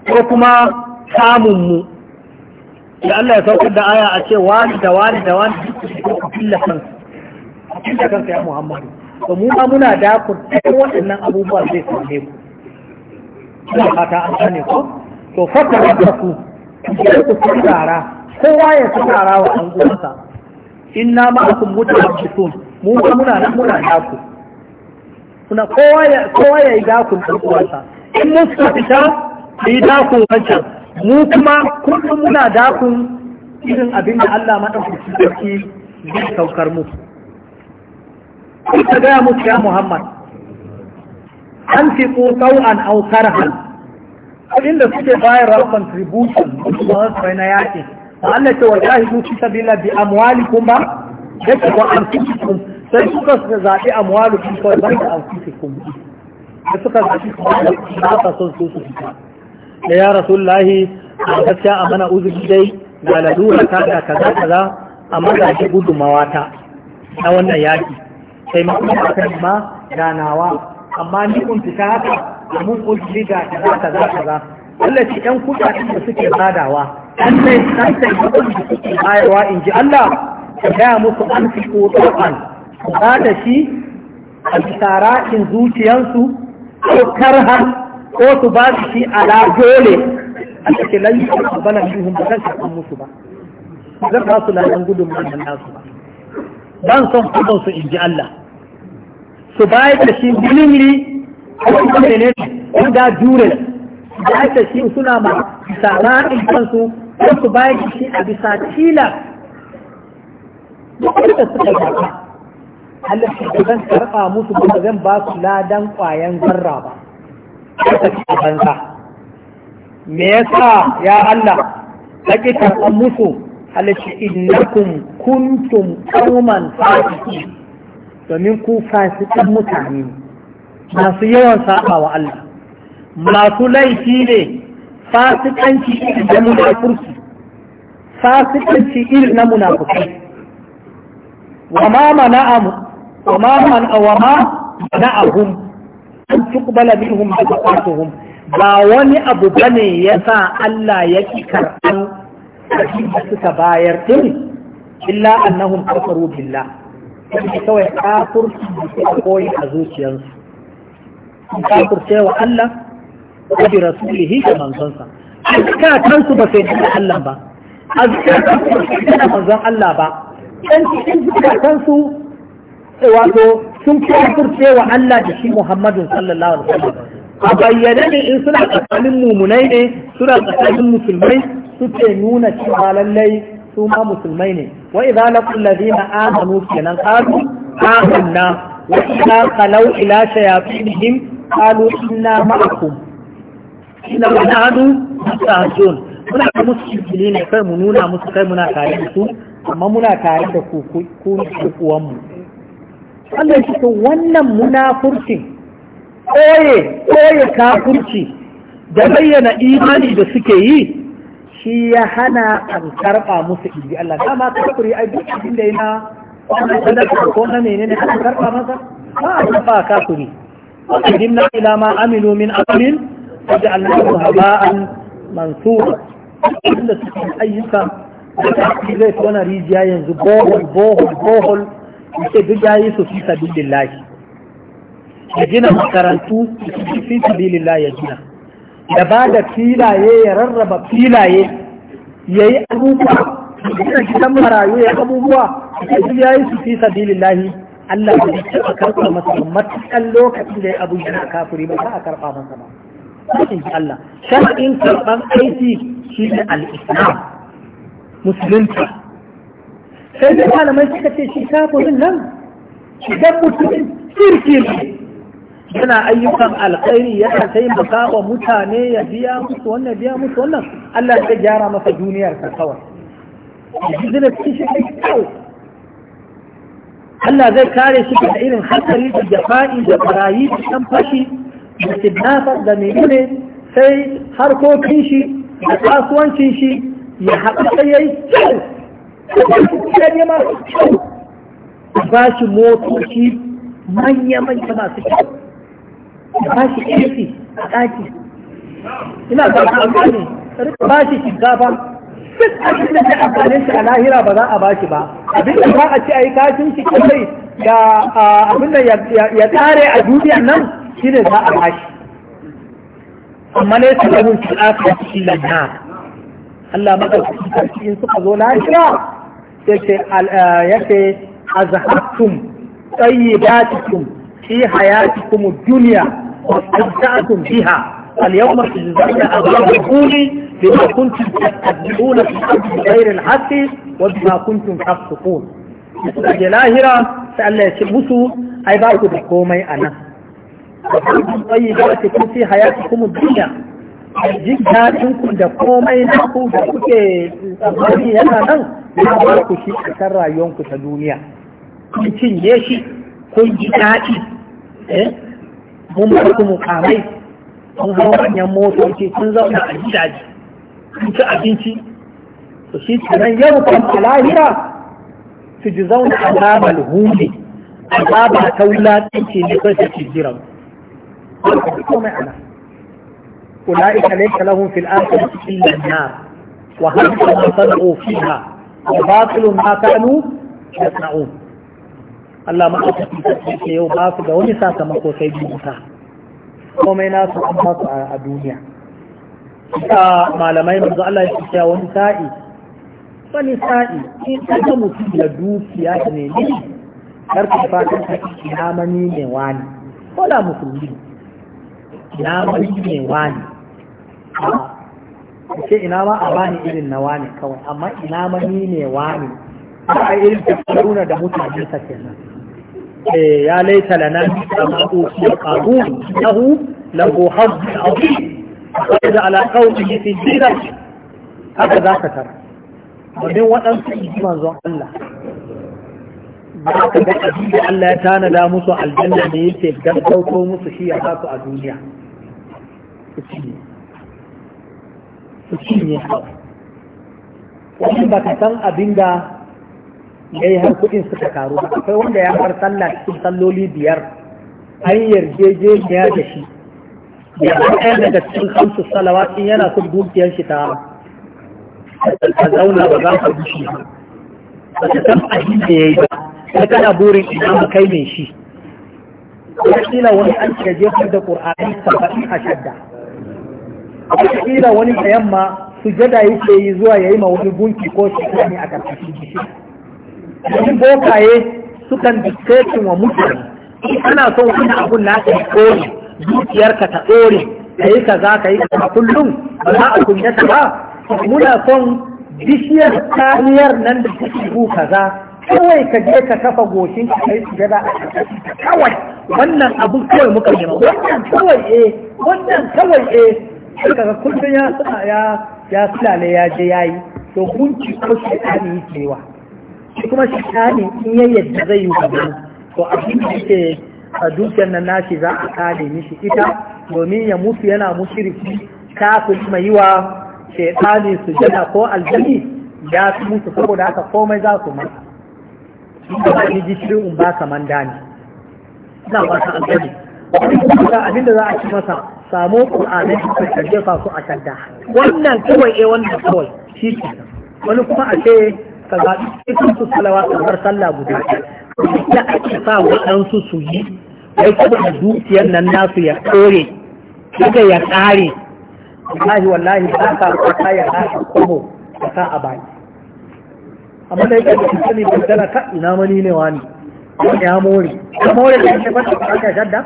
[SPEAKER 1] ko kuma samun mu da Allah ya saukar da aya a ce wani da wani da wani ko killa kansu killa kansu ya Muhammadu to mu ma muna da ku waɗannan abubuwa zai same mu
[SPEAKER 3] ina fata an sani ko to fata da su
[SPEAKER 1] sai ku tsara kowa ya tsara wa an uwansa mutu ma'akum mutawaffisun mu ba muna nan muna daku kuna kowa ya kowa ya yi daku da uwansa in mun suka fita yi daku wancan mu kuma kullum muna dakun irin abin da Allah su ɗauki zai saukar mu ta gaya mutu ya Muhammad an fi ko an au karhan kudin da suke bayarwa contribution ba na yaƙi Allah ce wa jahidu fi sabila bi amwalikum ba yake wa anfusikum sai suka zaɓi amwalikum ko ban da anfusikum da suka zaɓi ba ka son su su fita da ya rasulullahi a gaskiya a mana uzuri dai ga lalura ta da kaza kaza amma ga shi gudumawa ta na wannan yaƙi sai ma kuma kan ma ganawa amma ni kun fita haka da mun kulli ga kaza kaza kaza Allah ce ɗan kuɗaɗen da suke badawa ɗan mai ɗan da kuɗin da suke bayarwa in ji Allah ka gaya musu an fi ko ɗaukan Ku ba da shi a bisara in zuciyansu ko karha. ko su ba su shi ala dole a cikin layyukan su bana bihun ba zan karɓan musu ba zan ba su lalan gudun wannan nasu ba ban son kuɗin su in ji Allah su bayar da shi willingly
[SPEAKER 3] a da ne
[SPEAKER 1] da jure bayar da shi suna ma bisa ra'ayin kansu ko su bayar da shi a bisa tila da da suka zaɓa Allah shi da zan karɓa musu ba zan ba su ladan ƙwayan zarra ba ta ci banza me yasa ya Allah kake karɓa musu Allah shi innakum kuntum qauman fasiqin domin ku fasikan mutane masu yawan saba wa Allah masu laifi ne fasikanci irin na munafurci fasikanci irin na munafukai wa ma mana'amu wa ma mana'awama mana'ahum an tuqbala minhum sadaqatuhum ba wani abu bane sa Allah ya ki karɓan da suka bayar din illa annahum kafaru billah yadda kawai kafurci da suka koyi a zuciyarsu sun kafurce wa Allah da bi rasulihi da manzonsa
[SPEAKER 3] azkatansu ba sai da
[SPEAKER 1] Allah ba azkatansu ba sai da manzon Allah ba dan cikin zukatansu wato sun kafurce wa Allah da shi Muhammadu sallallahu alaihi wasallam a bayyane ne in suna tsakanin mumunai ne suna tsakanin musulmai suke nuna cewa lallai su ma musulmai ne wa idza laqul ladina amanu kenan qalu amanna wa idza qalu ila shayatinihim qalu inna ma'akum ina nahnu mustahzun muna da musulmi ne kai mu nuna musu kai muna tare da su amma muna tare da ku ku ku kuwan mu Allah shi wannan munafurcin koye koye kafurci da bayyana imani da suke yi shi ya hana an karɓa musu inji Allah dama kafiri ai duk abin da yana wannan sadaka ko na menene an karɓa masa ba a karɓa kafiri qadimna ila ma amilu min amalin faj'alnahu haba'an mansura inda suke ayyuka da zai tona rijiya yanzu bohol bohol bohol yake duk yi su fi lillahi ya gina makarantu su fi lillahi ya gina ya ba da filaye ya rarraba filaye ya yi abubuwa da gidan marayu ya abubuwa ya yi su fi sabilillahi Allah ya yi taɓa karɓa masa matuƙan lokacin da ya abu yana kafuri ba za a karɓa masa ba. ji Allah, sha'in karɓar aiki shi ne al'islam, musulunta. Sai da malamai suka ce shi kafurin nan, shi dan mutumin kirki ne. yana ayyukan alkhairi yana taimaka wa mutane ya biya musu wannan biya musu wannan Allah zai gyara masa duniyar ka kawai business shi shi kawai Allah zai kare shi daga irin hankali da jafa'i da barayi da kan fashi da kidnapper da menene sai harkokin shi da kasuwancin shi ya haɗu sai ya kyau ba shi motoci manya-manya masu kyau ka ba shi ƙarfi a ɗaki
[SPEAKER 3] ina ga amfani
[SPEAKER 1] ka ba shi shinkafa duk abin da ya amfane shi a lahira ba za a ba shi ba abin da za a ci a yi kashin shi kawai ya abin da ya tsare a duniyan nan shi ne za a ba shi amma ne su gabin su aka cikin lanna Allah madaukakin sarki in suka zo lahira yake azhabtum tayyibatikum fi hayatikum dunya واستمتعتم بها اليوم تجزون أغلب الكون بما كنتم تتبعون في الأرض بغير الحق وبما كنتم تفسقون da lahira sai Allah ya musu ai ba ku da komai anan. nan tsayi da wace kun fi kuma duniya jin daɗin ku da komai na ku kuke yana nan ya ba shi ta duniya kun cinye shi kun mun ba mukamai sun hau manyan motoci sun zauna a gidaje sun ci abinci to shi kenan yau kan lahira su ji zauna a babal hunde,
[SPEAKER 3] a baba ta
[SPEAKER 1] wulatanci ne kai su ci jiran أولئك ليس لهم في الآخرة إلا النار وهل ما صنعوا فيها وباطل ما كانوا يصنعون Allah fi sarki ke yau ba su ga wani sakamako sai dubuta komai su an ba su a duniya ta malamai manzo Allah ya ce wani sa'i wani sa'i in ka ga mutum da dukiya da ne ne karka fatan ka ina mani ne wani ko da musulmi ina mani ne wani ce ina ma a bani irin na wani kawai amma ina mani ne wani ba a irin tafaruna da mutane ta kenan يا ليت لنا ما أوتي قارون إنه له حظ عظيم وإذا على قومه في السيرة هكذا كتر ومن وأن منظر الله haka da abinda Allah ya tanada musu aljanna ne yake gaggauto musu shi ya sa su a duniya su cinye su wani ba ka san abinda yayi har kudin suka karu akwai wanda ya bar sallah cikin salloli biyar an yarjejeniya da shi
[SPEAKER 3] ya ɗaya daga
[SPEAKER 1] cikin kamsu in yana son dukiyar shi ta ta zauna ba za ka gushi ba ta san abin da ya yi ba ta kana burin ina mu kai mai shi kila wani an ce jefar da ƙur'ani saba'in a shadda kila wani da yamma sujada yake yi zuwa ya yi ma wani gunki ko shi ne a ƙarƙashin gishiri. domin bokaye sukan dictation wa mutane ana son wani abun na ka kore dukiyarka ta ka yi kaza yi kaza kullum ba za a ta ba muna son bishiyar kariyar nan da take ku kaza kawai ka je ka kafa goshin ka kai sujada a kawai wannan abun kawai muka yi wannan kawai eh wannan kawai eh sai kaga kullum ya ya ya sulale ya je yayi to kun ci ko shi ne yake cewa. shi kuma shi tani in yi yadda zai yi abu to abin da yake a dukiyar nan nashi za a kare mishi ita domin ya mutu yana mushriki kafin mai yi wa shaitani su jana ko aljami ya su mutu saboda haka komai za su mata inda ba ni gishirin in ba kaman dani na ba ta abin da za a ci masa samu ƙur'anai a jefa su a shadda wannan kawai a eh, wannan kawai shi ke wani kuma a ce ka zaɓi cikin su ake sa waɗansu su yi wai saboda dukiyar nan nasu ya ɗore ya ƙare wallahi wallahi ba ka kwata ya sa a baki amma da yake da ka ina mani wani ya more ya more da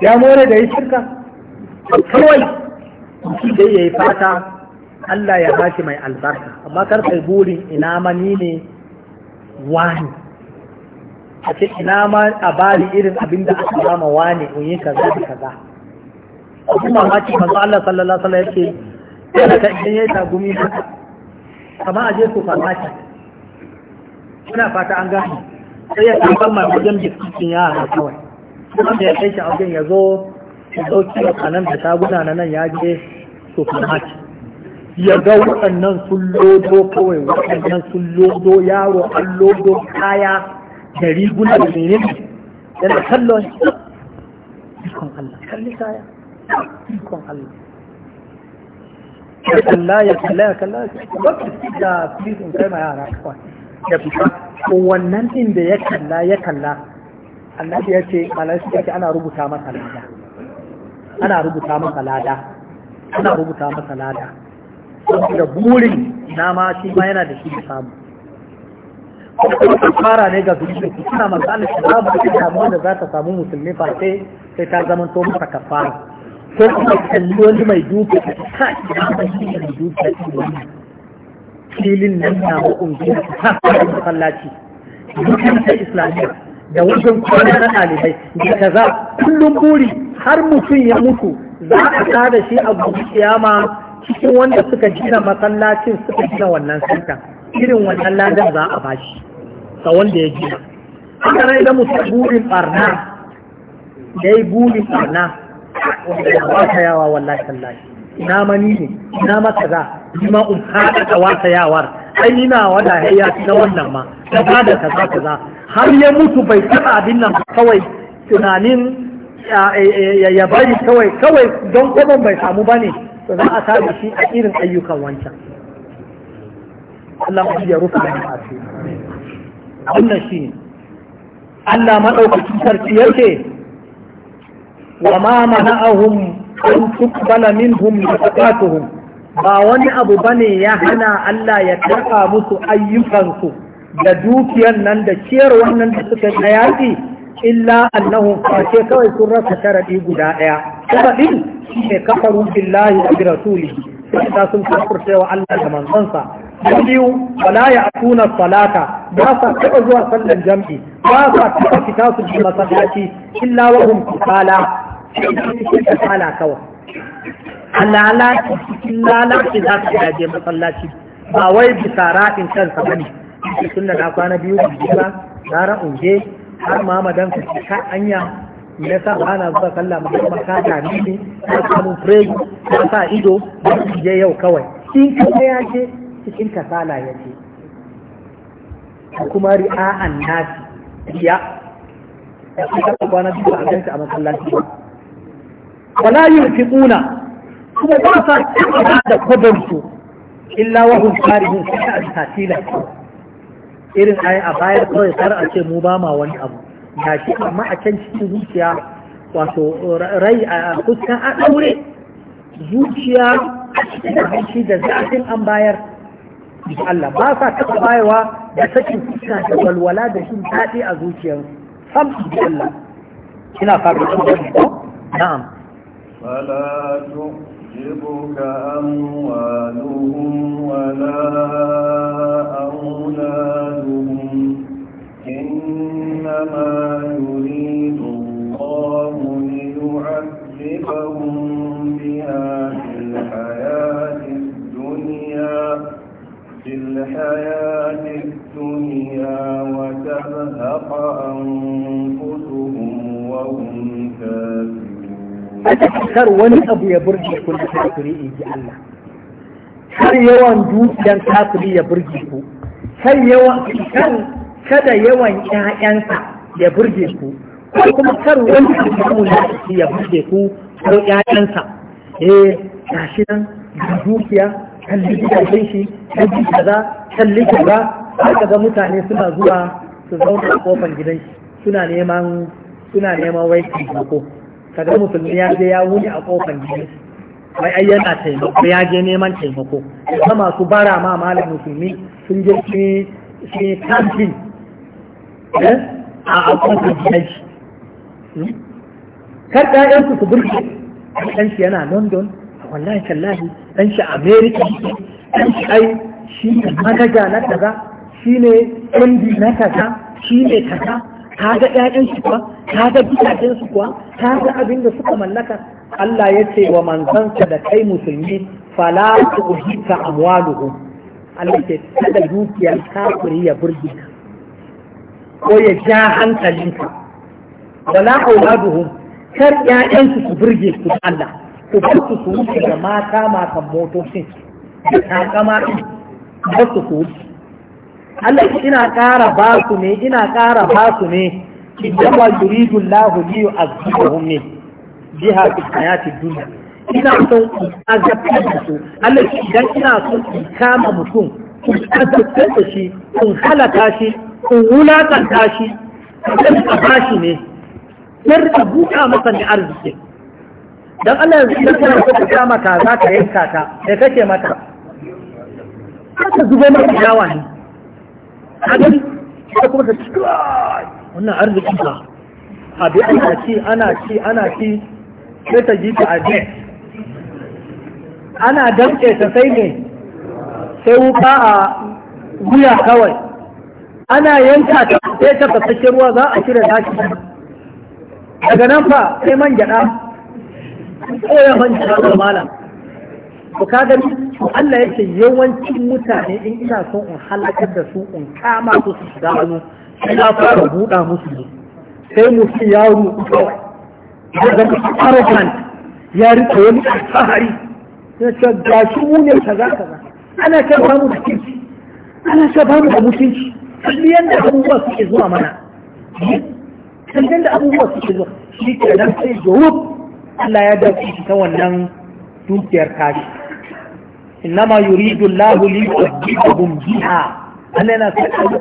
[SPEAKER 1] ya more da yi shirka kawai mutum da ya yi fata Allah ya shi mai albarka amma kar kai burin ina mani ne wani a ce ina ma a bari irin abin da aka ma wani in yi kaza da kaza kuma ma ce manzo Allah sallallahu alaihi wasallam yake kada ka idan yayi tagumi haka kama a je su farmaki ina fata an gani sai ya san mai wajen biskitin yara kawai kuma da ya kai shi a wajen ya zo ya dauki a nan da ta gudana nan ya je su farmaki ya ga waɗannan sun lodo kawai waɗannan sun lodo yaro an lodo kaya da riguna da mene ne yana kallon ikon Allah kalli kaya ikon Allah ya kalla ya kalla ya kalla kalla ya in kai ma ya kalla ya fita ko wannan din da ya kalla ya kalla annabi ya ce malaiku ya ce ana rubuta masa lada ana rubuta masa lada ana rubuta masa lada da burin na ma shi ma yana da shi da samu fara ne ga zunubi su suna magana shi za mu wata damuwa da za ta samu musulmi fa sai sai ta zama to masa kafara ko kuma kalli wani mai duka ta ta shi da mai shi mai duka ta wani filin nan na mu'ungi ta fara masallaci dukkan ta islamiyya da wajen kwanan na ɗalibai da za kullum buri har mutum ya mutu za a kada shi a gudu kiyama cikin wanda suka gina masallacin suka gina wannan sarka irin wannan ladan za a bashi ga wanda ya gina haka nan idan mutum burin barna da ya yi burin barna wanda ya wata yawa wallahi tallafi. ina mani ne ina maka za ni ma haɗa da wata yawar ai ina wada hayya na wannan ma ta ba da kaza kaza har ya mutu bai taɓa abin nan kawai tunanin ya bari kawai kawai don kwaban bai samu ba ne to za a kama shi a irin ayyukan wancan Allah ya rufa mana asiri wannan shi Allah madaukakin sarki yake wa ma mana'ahum an tuqbala minhum zakatuhum ba wani abu bane ya hana Allah ya taɓa musu ayyukansu da dukiyan nan da ciyar wannan da suka yi illa annahu face kawai sun rasa sharadi guda daya kuma din ne kafaru billahi wa bi rasulihi sai sun kafirce wa Allah da manzonsa da biyu wala ya'tuna salata ba sa taba zuwa sallan jam'i ba sa taba fita su ji masallaci illa wa hum kala kala kawai Allah Allah lalaci za ka gaje masallaci ba wai bisa ra'in kansa bane sunna da kwana biyu ba gara unje har ma ka ce ka anya me sa ba na zuwa sallah mu kuma ka ta ni ka samu fredi ka sa ido ba ki je yau kawai in ka ya ce cikin kasala ya ce kuma ri'a'an nasi ya ya ka kwana duka a ganta a masallaci ba wala yunfiquna kuma ba sa da kodansu illa wahum karihun sai a tasila irin ai a bayar kawai kar a ce mu ba ma wani abu ga shi amma a can cikin zuciya wato rai a kuskan a ɗaure zuciya da hanci da zafin an bayar Allah ba sa taɓa bayarwa da sakin fuska da walwala da shi daɗi a zuciyar sam Allah ina fara da na'am
[SPEAKER 2] تعجبك أموالهم ولا أولادهم إنما يريد الله ليعذبهم بها في الحياة الدنيا في الحياة الدنيا وتزهق أنفسهم وهم كافرون kar wani
[SPEAKER 1] abu ya burge ku na kafiri in ji Allah kar yawan dukiyan kafiri ya burge ku kar yawan kan, kada yawan ƴaƴansa ya burge ku ko kuma kar wani abu ya ya burge ku ko ƴaƴansa eh gashi nan dukiya kalli gidajen shi kalli kaza kalli kaza haka ga mutane suna zuwa su zauna a kofar gidan shi suna neman suna neman wai ko kada musulmi ya je ya wuni a kofar gidan wai ai yana taimako ya je neman taimako kuma masu bara ma malam musulmi sun je shi shi kamfin eh, a kofar gidan shi hmm? kar ɗayan su burke ɗan shi yana london wallahi tallahi ɗan shi america ɗan shi ai shi ne manaja na kaza shi ne md na kaza shi ne kaza ka ga ƴaƴan su kuwa ka ga gidajen su kuwa ka ga abin da suka mallaka Allah ya ce wa manzansa da kai musulmi fala a amwaluhum Allah ce kada dukiyar kafiri ya burge ka ko ya ja hankalinka wala auladuhum kar ƴaƴan su su burge su Allah ku bar su su wuce da mata matan motocin da takama bar su su wuce Allah ki ina ƙara ba su ne ina ƙara ba su ne idan wa yuridu Allahu li biha fi hayati dunya ina son su Allah ki idan ina son in kama mutum in azabtar da shi in halaka shi in wulakanta shi in ka bashi ne sai ka buka masa da arziki dan Allah ya zai kana kama ka za ka yanka sai kake mata ka ne ka gani sai kuma ka cikin wannan arzikin ba abu ana ci ana ci ana ci sai ta ji ta aje ana damke ta sai ne sai wuka a wuya kawai ana yanka ta sai ta fasashe ruwa za a shirya zaki daga nan fa sai man gyaɗa ko ya man gyaɗa malam to ka gani to Allah ya ce yawancin mutane in ina so in halakar da su in kama su su shiga hannu sai na fara buɗa musu ne sai mutum ya ruɗu kawai ya zama arrogant ya rika wani alfahari ya ce ga shi mu ne kaza kaza ana ta ba mu da kirki ana ta ba mu da mutunci kalli yadda abubuwa suke zuwa mana kalli yadda abubuwa suke zuwa shi ke nan sai jawab Allah ya dace ta wannan dukiyar kashi innama yuridu Allahu li yu'adhibahum biha Allah yana son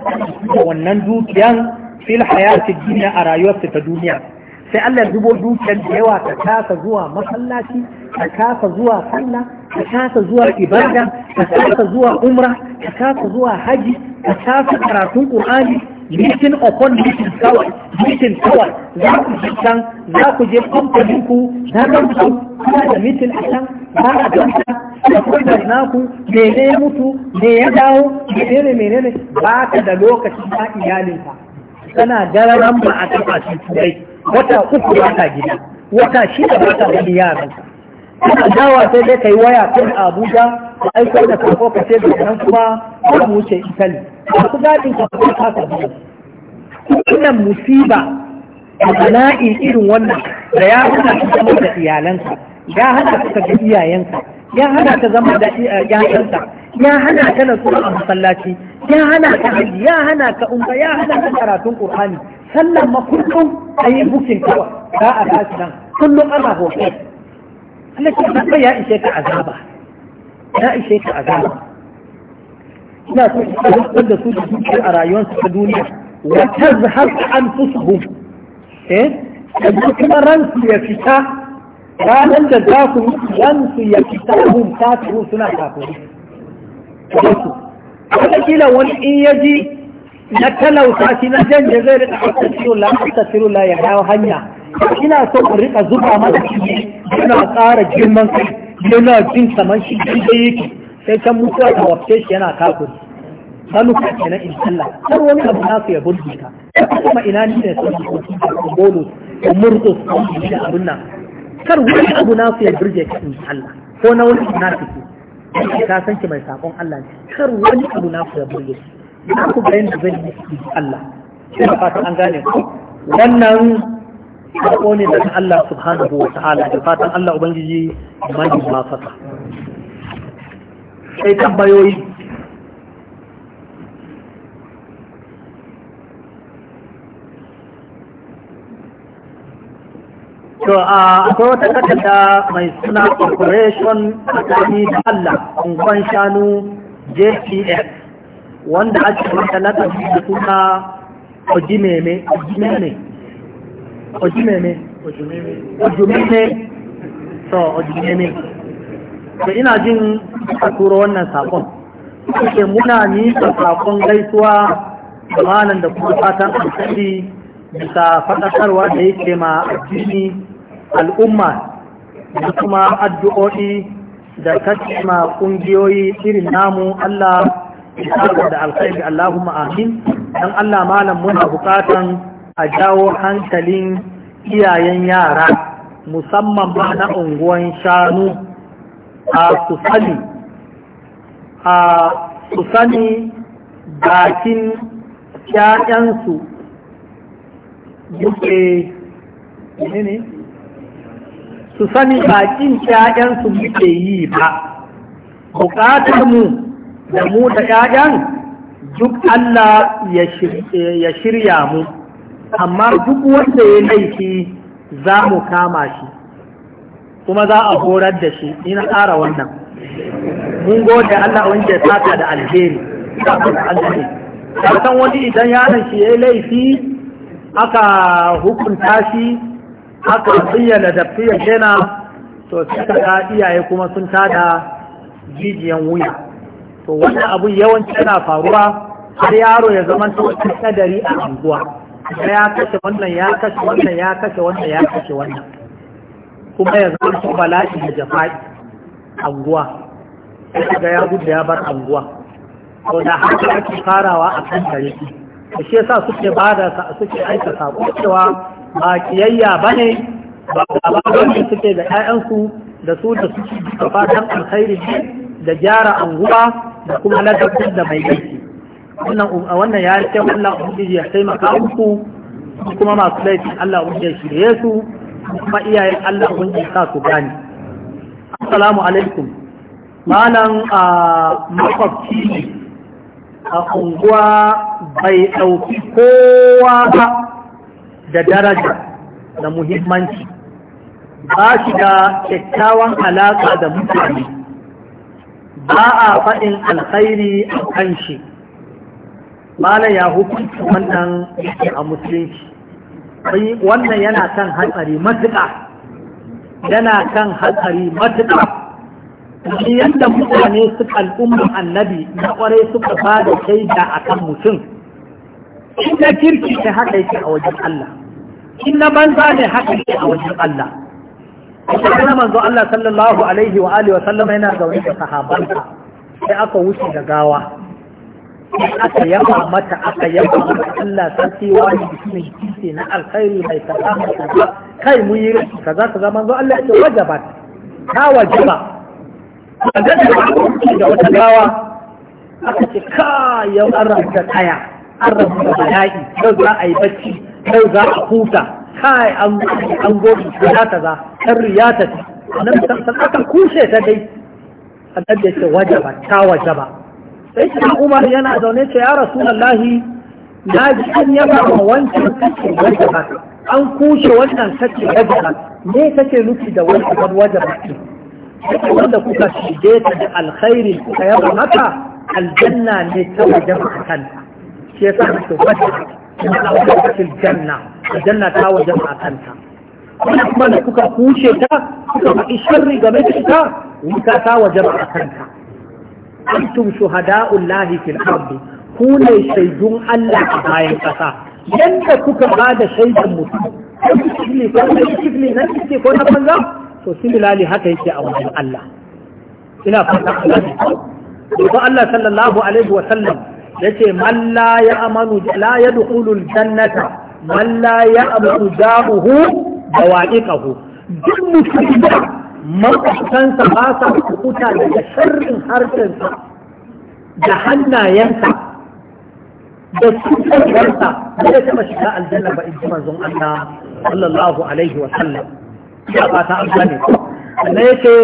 [SPEAKER 1] da wannan dukiyan fil hayati dunya a rayuwarsa ta duniya sai Allah zubo dukiyar da yawa ta zuwa masallaci ta kasa zuwa sallah ta kasa zuwa ibada ta kasa zuwa umra ta kasa zuwa haji karatun qur'ani meeting upon meeting kawai kawai za ku je can za ku je kamfanin ku za ku da a can ba a ganta da kudin naku mene ya mutu me ya dawo menene ne ba ka da lokaci ba iyalinka kana gararan ba a kafashin turai wata uku ba ka gida wata shida ba ka gani yaranka kana dawa sai dai kai waya kan abuja da aiko da sako ka ce da nan kuma ka wuce itali ku daɗin ka kuma ka ka biyu wannan musiba da bala'i irin wannan da ya hana ka zama da iyalanka ya hana ka ga iyayenka ya hana ka zama da iyayenka ya hana ka na a masallaci ya hana ka haji ya hana ka umma ya hana ka karatun qur'ani sallan ma kullum ayi bukin kawai za a tashi nan kullum ana hoto Allah ke ya ishe ka azaba ya ishe ka azaba ina so su tabbatar da su da su a rayuwarsu ta duniya wa tazhar anfusuhum eh da kuma su ya fita ranar da za ku yi ransu ya fi tarihun kafiru suna kafin wasu wataƙila wani in ya ji na talauta shi na janje zai rika astasiru la astasiru la ya dawo hanya ina so ku rika zuba mata shi yana ƙara girman kai yana jin kamar shi da yake sai can mutuwa ta wafce shi yana kafiru maluka kenan in Allah har wani abu na su ya burge ka kuma ina ni ne yi kofi da kogolo da ku da abin nan kar wani abu na ya burge ka in Allah ko na wani munafiki ka san ki mai sakon Allah ne kar wani abu na ya burge ka na ku bayan da zan yi Allah sai fatan an gane ku wannan sako ne daga Allah subhanahu wa ta'ala da fatan Allah ubangiji mai mafaka sai tambayoyi to a akwai wata takarda mai suna corporation tsakani da Allah unguwan shanu JPS wanda ake wata lakabi da suna Ojimeme Ojimeme Ojimeme Ojimeme so Ojimeme to ina jin a turo wannan sakon Ake muna nisa sakon gaisuwa da malam da kuma fatan alkhairi bisa faɗakarwa da yake ma addini al'umma da kuma addu'o'i da kashima ƙungiyoyi irin namu Allah ya da alkhairi Allahumma amin dan Allah malam muna buƙatan a jawo hankalin iyayen yara musamman ba na unguwan shanu a su a su bakin ƴaƴansu yake ne su sani bakin ƴaƴansu muke yi ba buƙatar mu da mu da ƴaƴan duk Allah ya shirya mu amma duk wanda ya laifi za mu kama shi kuma za a horar da shi ina ƙara wannan mun gode Allah wanda ya sata da alheri san wani idan yaran shi ya laifi aka hukunta shi haka tsiyana da tsiyana to suka ga iyaye kuma sun tada jijiyan wuya to wannan abu yawanci yana faruwa har yaro ya zama ta kadari a anguwa ya kashe wannan ya kashe wannan ya kashe wannan ya kashe wannan kuma ya zama su bala'i da jafa'i anguwa ga ya gudu ya bar anguwa to da haka ake farawa a kan tarihi shi shi sa suke bada suke aika sako cewa ba kiyayya ba ne ba ba suke da 'ya'yansu da su da suke da fatan alkhairi da gyara anguwa da kuma ladabtar da mai gaiki um, wannan ya ce Allah ubangiji ya taimaka su kuma masu laifin Allah ubangiji ya shirye su kuma iyayen Allah ubangiji sa su gani assalamu alaikum malam a makwabci a unguwa bai ɗauki kowa ba da daraja da muhimmanci ba shi da kyakkyawan alaƙa da mutane ba a faɗin alkhairi a kan shi mala ya hukunci wannan a musulunci wannan yana kan hatsari matuƙa yana kan hatsari matuƙa shi yadda mutane suka al'umma annabi na ƙwarai suka ba da shaida a kan mutum inda kirki ta haɗa yake a wajen Allah Inna na banza ne haka ne a wajen Allah kuma na manzo Allah sallallahu alaihi wa alihi wa sallam yana zaune da sahabansa sai aka wuce da gawa aka yaba mata aka yaba mata Allah sarki wani mutumin kisi na alkhairi mai sallama kaza kai mu yi rashi kaza kaza manzo Allah ya ce wajabat ta wajaba kaga da da wata gawa aka ce ka yau an rabu da kaya an rabu da bala'i yau za a yi bacci kai za a huta kai an an gobe ta za kan riya ta nan san aka kushe ta dai annabi ya ce wajaba ta wajaba sai shi Umar yana zaune ce ya Rasulullahi na ji an yaba ma wancan kace wajaba an kushe wannan kace wajaba me kake nufi da wannan wajaba wanda kuka shige ta da alkhairi kuka yaba maka aljanna ne ta wajaba kanta shi yasa mutum wajaba ina wajen janna janna ta wajen a kanta wanda kuma da kuka kushe ta kuka faɗi sharri game da ita wuta ta wajen a kanta antum shuhada'ul lahi fil ardi ku ne shaidun Allah a bayan kasa, yadda kuka ba da shaidan mutum sifili na cike ko na banza to similarly haka yake a wajen Allah ina fata Allah ne Allah sallallahu alaihi wa sallam yace man la ya'malu la yadkhulul jannata man la ya'malu jahuhu dawaqiqahu duk mutum da makwabtansa ba sa kuta daga sharrin harshensa da hannayensa da cutarwarsa ba ya taɓa shiga aljanna ba in ji manzon Allah sallallahu alaihi wa sallam ya ba ta aljanna sannan yake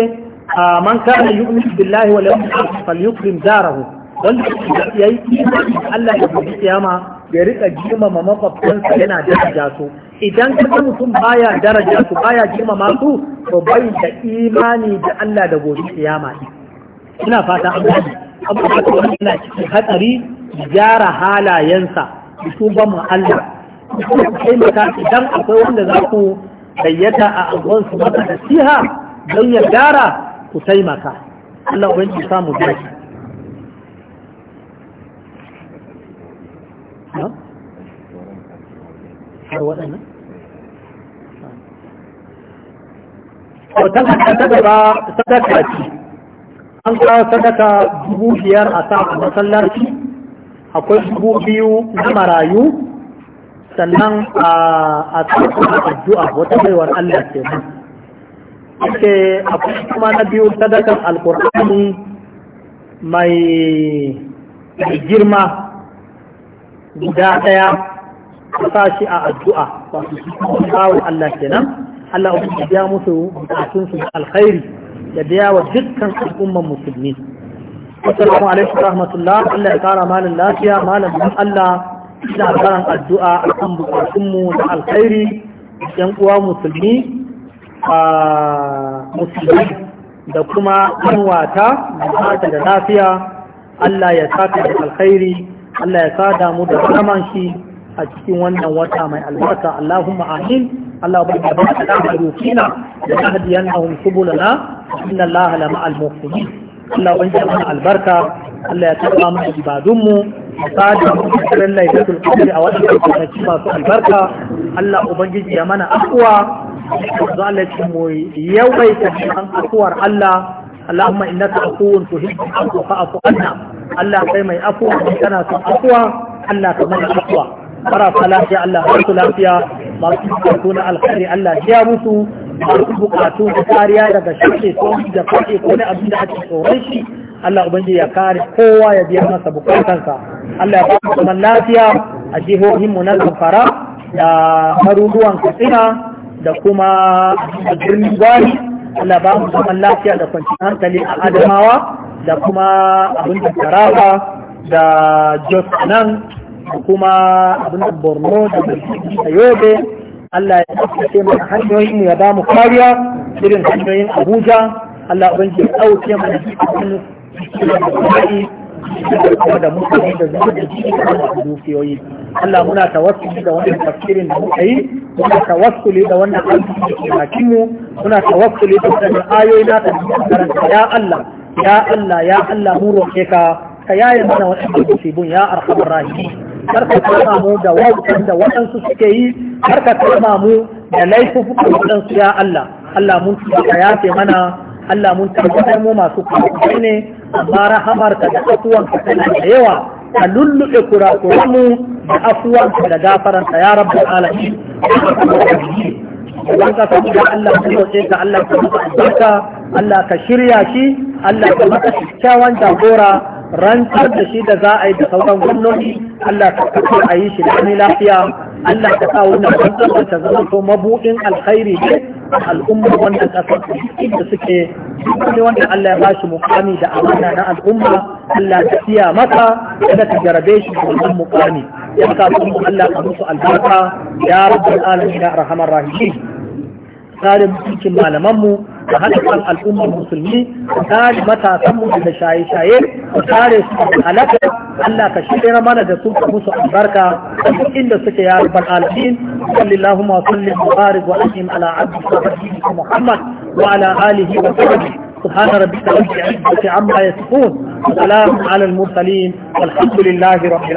[SPEAKER 1] man kana yu'minu billahi wal yawmil akhir falyukrim jarahu wanda ya yi imani da Allah ya gobe kiyama ya rika girmama makwabtansa yana daraja su idan ka mutum baya daraja su baya girmama su to bai da imani da Allah da gobe kiyama ina fata an amma abubuwa ta wani yana cikin hatsari gyara halayensa tuba mu Allah taimaka idan akwai wanda za ku gayyata a anguwan su maka siha don ya gyara ku taimaka Allah ubangiji samu dace
[SPEAKER 3] waɗannan an
[SPEAKER 1] kawo sadaka dubu biyar a sa a masallaci akwai dubu biyu na marayu sannan a tsakon addu'a wata baiwar Allah ke nan ake akwai kuma na biyu sadakar alkur'ani mai girma guda ɗaya sa shi a addu'a ba su kawo Allah kenan Allah ya biya musu bukatun su da alkhairi ya biya wa dukkan al'umman musulmi assalamu alaikum rahmatullah Allah ya kara malin lafiya malam dan Allah ina karan addu'a akan bukatun mu da alkhairi yan uwa musulmi a musulmi da kuma kanwata da da lafiya Allah ya saka da alkhairi Allah ya sa mu da zaman shi a cikin wannan wata mai albarka Allahumma amin Allah ba ya bada da rufina da tahdiyannahum subulana inna Allah la ma'al Allah mana albarka Allah ya mu ibadun mu sada mu cikin lailatul a wannan masu albarka Allah ubangiji ya mana afwa zalaci mu yawaita an afwar Allah اللهم انك عفو تحب العفو فاعف عنا الله يعفو الله كما يعفو marasa lafiya Allah ba lafiya masu bukatu na alkhairi Allah ya musu masu bukatu na kariya daga shirke ko da fashe ko na abin da ake tsoron shi Allah ubangiji ya kare kowa ya biya masa bukatansa Allah ya ba zaman lafiya a jihohin mu na Zamfara da maruruwan Katsina da kuma birnin Gwari Allah ba mu zaman lafiya da kwanciyar hankali a Adamawa da kuma abin da Taraba da Jos nan da kuma abin da borno da da yobe Allah ya ɗauke mana hanyoyin ya ba mu kariya irin hanyoyin abuja Allah ubangiji ya ɗauke mana cikin cikin da mutane da zuwa da jiki da dukiyoyi Allah muna tawassuli da wannan tafsirin da muka yi muna tawassuli da wannan aiki da ke mu muna tawassuli da wannan ayoyi na ta karanta ya Allah ya Allah ya Allah mu roƙe ka ka yaye mana wannan musibin ya arhamar rahimi kar ka kama mu da wautan da waɗansu suke yi kar ka kama mu da laifukan waɗansu ya Allah Allah mun tuba ka yafe mana Allah mun tabbatar mu masu kuskure ne amma rahamar ka da afuwan ka tana da yawa ka lulluɓe kurakuran mu da afuwan ka da gafaran ka ya rabbul alamin idan ka san da Allah ka roƙe ka Allah ka masa albarka Allah ka shirya shi Allah ka masa kyakkyawan jagora rantsar da shi da za a yi da sauran gwamnoni Allah ta kafa a yi shi da lafiya Allah ta sa wannan rantsar ta zama to mabuɗin alkhairi ne al'umma wannan ƙasar da suke ne wanda Allah ya bashi mukami da amana na al'umma Allah ta siya maka kada ta jarabe shi da wannan mukami ya kafin Allah ka musu albarka ya rabbal alamin ya rahman rahim tsarin cikin malamanmu da halakar al'ummar musulmi ka kare matasanmu da shaye-shaye ka kare su halaka Allah ka shirya mana da su musu albarka duk inda suke ya rabbal alamin sallallahu wa sallim wa barik wa an'im ala wa muhammad wa ala alihi wa sahbihi سبحان ربك رب العزة عما يصفون وسلام على المرسلين والحمد لله رب العالمين